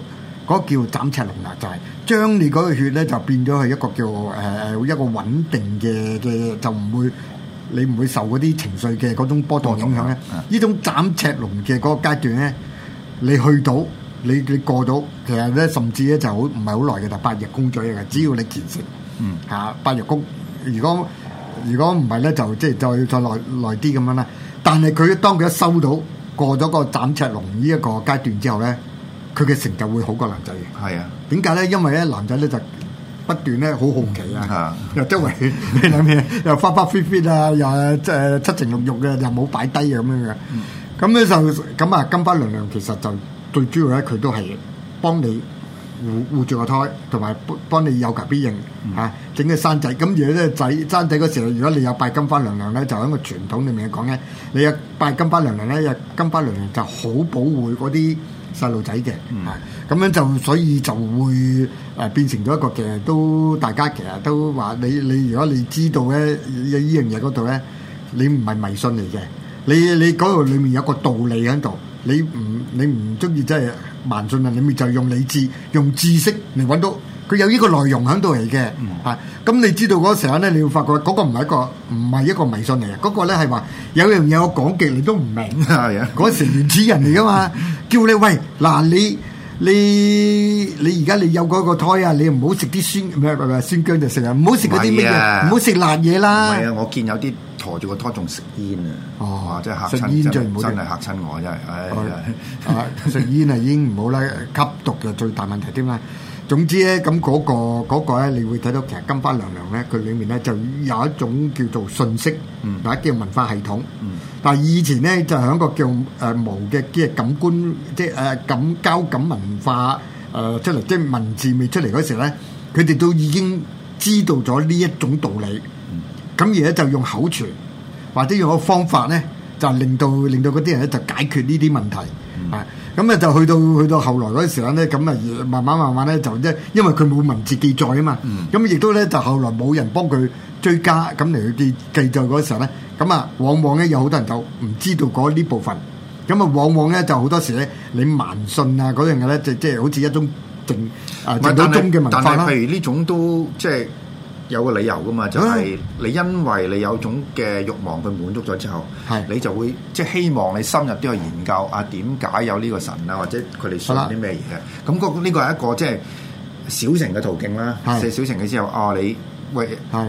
Speaker 4: 嗰個叫斬赤龍啊，就係將你嗰個血咧就變咗係一個叫誒誒一個穩定嘅嘅，就唔會你唔會受嗰啲情緒嘅嗰種波動影響咧。呢種斬赤龍嘅嗰個階段咧，你去到。你你過到其實咧，甚至咧就好唔係好耐嘅，就八日功在嘅。只要你虔誠，嗯嚇八日功。如果如果唔係咧，就即係再再耐耐啲咁樣啦。但係佢當佢一收到過咗個斬赤龍呢一個階段之後咧，佢嘅成就會好過男仔嘅。係啊，點解咧？因為咧男仔咧就不斷咧好好奇啊，又周圍咩諗嘢，又花花飛飛啊，又即係七情六欲嘅，又冇擺低咁樣嘅。咁咧、嗯嗯、就咁啊，金花娘娘其實就～最主要咧，佢都係幫你護護住個胎，同埋幫你有求必應嚇、嗯啊，整個生仔。咁而家咧仔生仔嗰時候，如果你有拜金花娘娘咧，就喺個傳統裡面講咧，你啊拜金花娘娘咧，有金花娘娘就好保護嗰啲細路仔嘅。咁、嗯啊、樣就所以就會誒變成咗一個其實都大家其實都話你你，你如果你知道咧依樣嘢嗰度咧，你唔係迷信嚟嘅，你你嗰度裡面有一個道理喺度。你唔你唔中意即係盲信啊！你咪就、用理智、用知識嚟揾到佢有呢個內容喺度嚟嘅嚇。咁、嗯嗯嗯、你知道嗰時候咧，你要發覺嗰個唔係一個唔係一個迷信嚟嘅。嗰、嗰個咧係話有樣嘢我講極你都唔明啊！嗰時原始人嚟噶嘛， 叫你喂懶理。你你而家你有嗰個胎啊，你唔好食啲酸咩？唔係酸薑就食啊，唔好食嗰啲咩嘢，唔好
Speaker 1: 食爛嘢啦。係啊，我見有啲馱住個胎仲食煙啊。哦，即係嚇親，真係嚇親我真係。
Speaker 4: 食煙啊，已經唔好啦，吸毒嘅最大問題啲嘛。總之咧，咁嗰個嗰個咧，你會睇到其實《金花娘娘》咧，佢裡面咧就有一種叫做信息，嗱，叫文化系統。嗱，但係以前咧就喺個叫誒無嘅即係感官，即係誒感交感文化誒出嚟，即係文字未出嚟嗰時咧，佢哋都已經知道咗呢一種道理。咁而家就用口傳或者用個方法咧，就令到令到嗰啲人咧就解決呢啲問題。啊！咁咧就去到去到後來嗰陣時咧，咁啊慢慢慢慢咧就即係因為佢冇文字記載啊嘛，咁亦、嗯、都咧就後來冇人幫佢追加，咁嚟去記記載嗰時候咧，咁啊往往咧有好多人就唔知道嗰呢部分，咁啊往往咧就，、啊、就，就好多時咧你盲信啊嗰樣嘢咧，即即係好似一
Speaker 3: 種
Speaker 1: 正啊正宗嘅文化啦。但係譬如呢種都即係。就是有個理由㗎嘛，就係、是、你因為你有種嘅慾望佢滿足咗之後，是你就會即係、就是、希望你深入啲去研究啊，點解有呢個神啊，或者佢哋信啲咩嘢？咁呢的、那個係、這個、一個即係、就是、小乘嘅途徑啦，寫是小乘嘅之後，哦、啊、你喂，係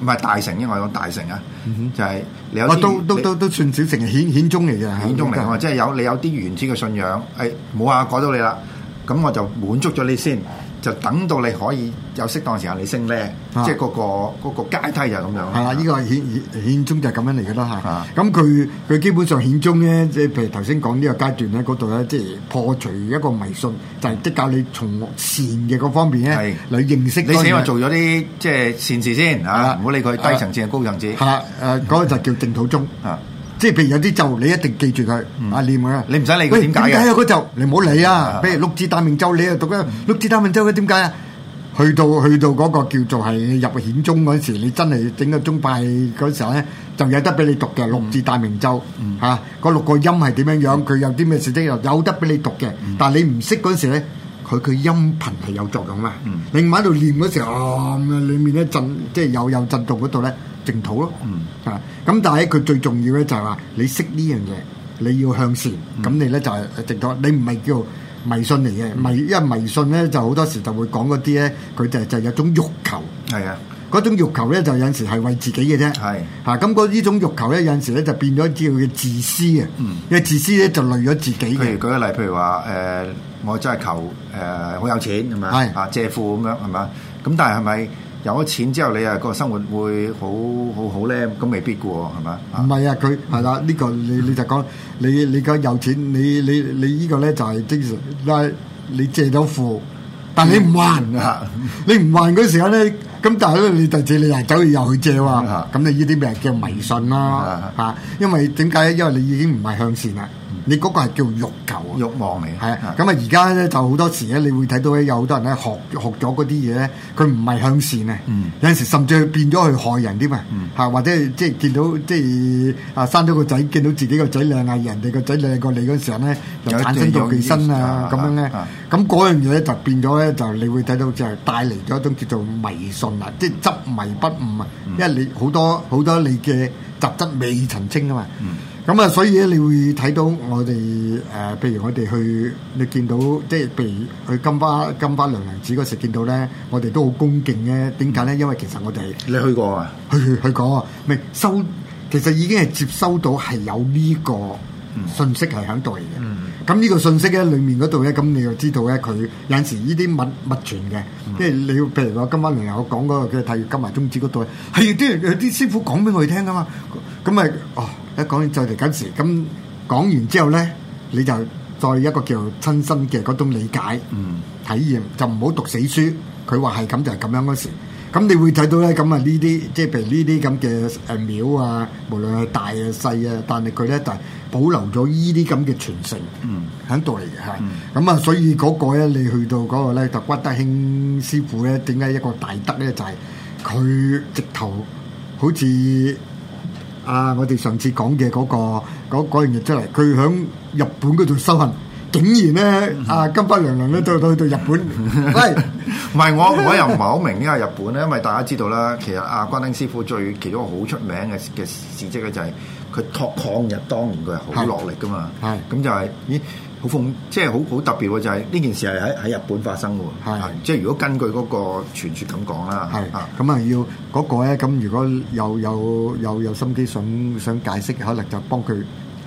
Speaker 1: 唔係大乘，因為，我講大乘啊，嗯、哼就係你有、哦、都都都你都算小乘，嘅顯顯宗嚟嘅，顯宗嚟即係有你有啲原始嘅信仰，誒冇啊，講到你啦，咁我就滿足咗你先。就等到你可以有適當嘅時間你升咧，啊、即係、嗰個、嗰個、嗰個階梯就係咁樣。係
Speaker 4: 啦、啊，依、呢個係顯顯顯宗就係咁樣嚟嘅啦。嚇、啊是啊，咁佢佢基本上顯宗咧，即係譬如頭先講呢個階段咧，嗰度咧即係破除一個迷信，就係、是、即教你從善嘅嗰方面咧嚟是、啊、認識。你先話做
Speaker 1: 咗啲即係善事先，
Speaker 4: 嚇唔好理佢低層次定高層次。係誒、啊，嗰、啊嗰個就叫淨土宗啊。即係譬如有啲咒，你一定記住佢啊念佢。啊！你唔使理佢點解嘅。解嗰咒你唔好理啊！嗯、譬如六字大明咒，你又讀啦。嗯、六字大明咒佢點解啊？去到去到嗰個叫做係入顯宗嗰時，你真係整個宗派嗰時候咧，就有得俾你讀嘅六字大明咒嚇。嗰、嗯嗯啊、六個音係點樣樣？佢、嗯、有啲咩事跡啊？即有得俾你讀嘅。嗯、但係你唔識嗰時咧，佢佢音頻係有作用啦。你喺度念嗰時候，咁、哦、啊，裡面咧震，即係有有震動嗰度咧。淨土咯，啊、嗯！咁但係佢最重要咧就係話你識呢樣嘢，你要向善。咁、嗯、你咧就係淨土。你唔係叫迷信嚟嘅，迷因為迷信咧就好多時就會講嗰啲咧，佢就就有種欲求。係啊的，嗰種欲求咧就有時
Speaker 1: 係為自己嘅啫。係啊的，咁呢種欲
Speaker 4: 求咧有時咧就變咗叫自私嘅。嗯、
Speaker 1: 因為自私咧就累咗自己，譬如舉個例，譬如話誒、呃，我真係求誒、呃、好有錢係咪啊？借庫咁樣係咪？咁但係係咪？有咗錢之後，你啊個生活會好好好咧，咁未必㗎喎，係咪？
Speaker 4: 唔係啊，佢係啦，呢、呢個你你就講你你個有錢，你你你呢個咧就係即係，係你借咗款，但你唔還啊， 你唔還嗰時候咧。咁但係咧，你第二次你又走去又去借喎，咁你呢啲咪叫迷信咯？嚇，因為點解？因為你已經唔係向善啦，你嗰個係叫欲求欲望嚟。係啊，咁啊而家咧就好多時咧，你會睇到有好多人咧學學咗嗰啲嘢咧，佢唔係向善啊，有陣時甚至佢變咗去害人添啊，嚇，或者即係見到即係啊生咗個仔，見到自己個仔靚啊，人哋個仔靚過你嗰陣時咧，就產生咗妒忌心啊咁樣咧，咁嗰樣嘢咧就變咗咧就你會睇到就係帶嚟咗一種叫做迷信。即係執迷不悟啊！因為你好多好多你嘅雜質未澄清啊嘛，咁啊、嗯，所以咧你會睇到我哋誒、呃，譬如，我哋去你見到即係譬如去金花金花娘娘寺嗰時見到咧，我哋都好恭敬嘅。點解咧？因為其實我哋你去過啊，去去講啊，咪收，其實已經係接收到係有呢個信息係喺度嚟嘅。嗯嗯咁呢個信息咧，裡面嗰度咧，咁你又知道咧，佢有時呢啲密密傳嘅，即係你要譬如我今晚嚟又講嗰個嘅泰銖金埋宗祠嗰度，係啲有啲師傅講俾我哋聽噶嘛，咁啊哦，一講完再嚟嗰時，咁講完之後咧，你就再一個叫親身嘅嗰種理解、嗯體驗，就唔好讀死書。佢話係咁就係咁樣嗰時，咁你會睇到咧，咁啊呢啲即係譬如呢啲咁嘅誒廟啊，無論係大啊細啊，但係佢咧就。保留咗依啲咁嘅傳承喺度嚟嘅嚇，咁啊是、嗯嗯，所以嗰個咧，你去到嗰、那個咧，就關德興師傅咧，點解一個大德咧，就係、是、佢直頭好似啊，我哋上次講嘅嗰、那個嗰樣嘢出嚟，佢響、那個啊、日本嗰度修行，竟然咧啊，金花娘娘咧都去到
Speaker 3: 日本，嗯嗯、
Speaker 1: 喂，唔係我我又唔係好明點解日本咧，因為大家知道啦，其實啊，關德興師傅最其中一個好出名嘅嘅事蹟咧，就係、是。佢拓抗日當年佢係好落力噶嘛，咁是、嗯、就係、是、咦好奉咦即係好好特別喎，就係、是、呢件事係喺喺日本發生嘅喎是、啊，即係如果根據嗰個傳説咁講啦，咁是啊要嗰、那個咧，
Speaker 4: 咁如果有有有有，有，有心機想想解釋，可能就幫佢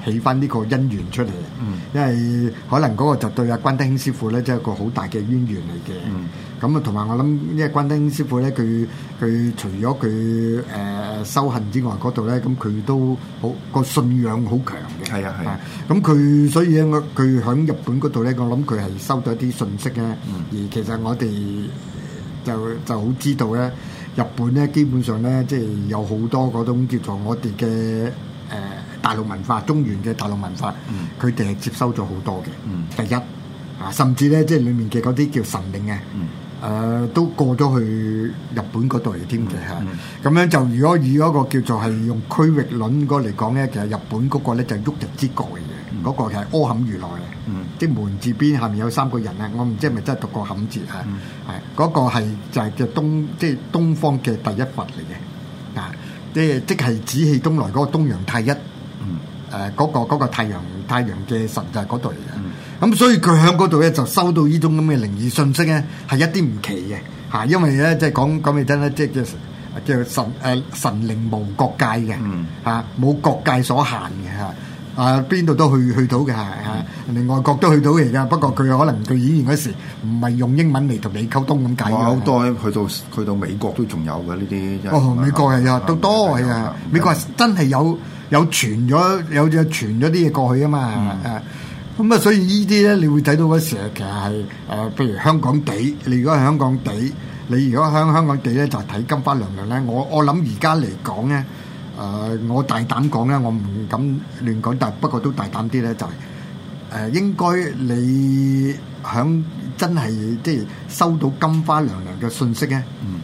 Speaker 4: 起返呢個姻緣出嚟，嗯、因為可能嗰個就對阿關德興師傅咧，即係一個好大嘅淵源嚟嘅。嗯。咁啊，同埋我諗，呢個關丁師傅咧，佢佢除咗佢誒修行之外，嗰度咧，咁佢都好個信仰好強嘅。係啊係。咁佢所以咧，佢喺日本嗰度咧，我諗佢係收咗啲信息咧。嗯。而其實我哋就就好知道咧，日本咧基本上咧，即係有好多嗰種叫做我哋嘅誒大陸文化、中原嘅大陸文化，佢哋係接收咗好多嘅。嗯。第一啊，甚至咧，即係裡面嘅嗰啲叫神靈嘅。嗯。誒都過咗去日本嗰度嚟添嘅嚇，咁樣就如果以嗰個叫做係用區域論嗰嚟講咧，其實日本嗰個咧就旭日之國嚟嘅，嗰個係阿閦如來嘅、嗯，即門字邊下面有三個人咧，我唔知係咪真係讀過、嗯嗯、個閦字嚇，係嗰個係就係嘅東即東方嘅第一佛嚟嘅，啊即即係紫氣東來嗰個東洋太一，誒嗰、嗯呃嗰個太陽太陽嘅神就係嗰度嚟嘅。 咁所以佢喺嗰度咧就收到呢種咁嘅靈異信息咧，係一啲唔奇嘅嚇，因為咧即係講講俾你聽咧，即係即係即係神誒神靈無國界嘅嚇，冇國界所限嘅嚇，啊邊度都去去到嘅嚇，連外國都去到嚟噶，不過佢有可能佢語言嗰時唔係用英文嚟同你溝通咁解。好多
Speaker 1: 去到去到美國都仲有嘅呢啲。哦，美國
Speaker 4: 係啊，都多係啊，美國真係有有傳咗有有傳咗啲嘢過去啊嘛。咁啊，所以呢啲咧，你會睇到嗰時啊，其實係誒，譬如香港地，你如果喺香港地，你如果喺香港地咧，就係睇金花娘娘咧。我我諗而家嚟講咧，誒，我大膽講咧，我唔敢亂講，但不過都大膽啲咧，就係誒，應該你響真係即係收到金花娘娘嘅信息咧，嗯，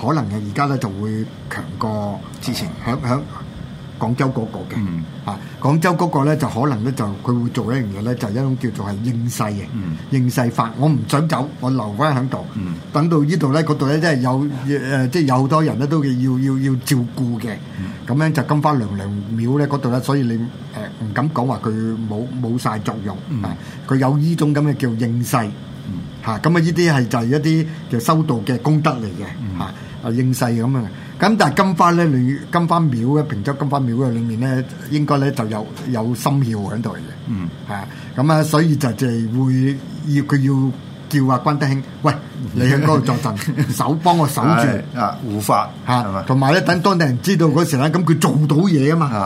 Speaker 4: 可能嘅而家咧就會強過之前，響響。廣州嗰個嘅，嗯、啊廣州嗰個咧就可能咧就佢會做一樣嘢咧，就係、一種叫做係應勢嘅、嗯、應勢法。我唔想走，我留翻喺度，嗯、等到呢度咧嗰度咧，即係有誒，即係有好多人咧都要要要照顧嘅。咁樣就金花娘娘廟咧嗰度咧，所以你誒唔、呃、敢講話佢冇冇曬作用佢、嗯啊、有呢種咁嘅叫應勢，嚇咁啊！依啲係就係一啲叫修道嘅功德嚟嘅嚇啊應勢咁啊！啊啊咁但係金花咧，里金花廟嘅平洲金花廟嘅裏面咧，應該咧就有有心要喺度嘅，嗯，係啊，咁啊，所以就即係會要佢要叫阿關德興，喂，你喺嗰度作陣， 手幫我守住、哎、啊護法嚇，同埋咧等當地人知道嗰時咧，咁佢做到嘢啊嘛，嚇、嗯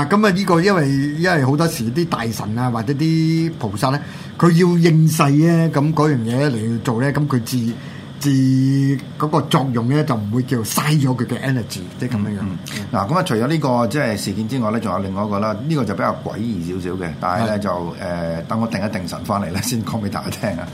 Speaker 4: 啊，咁啊呢個因為因為好多時啲大神啊或者啲菩薩咧、啊，佢要應世咧、啊，咁嗰樣嘢嚟做咧，咁佢至。自嗰個作用咧，就唔會叫嘥咗佢嘅 energy，即
Speaker 1: 係咁樣樣、嗯。嗱、嗯，咁啊、嗯，除咗呢、這個即係事件之外咧，仲有另外一個啦。呢、這個就比較詭異少少嘅，但係咧是的 就誒、呃，等我定一定神翻嚟咧，先講俾大家聽啊。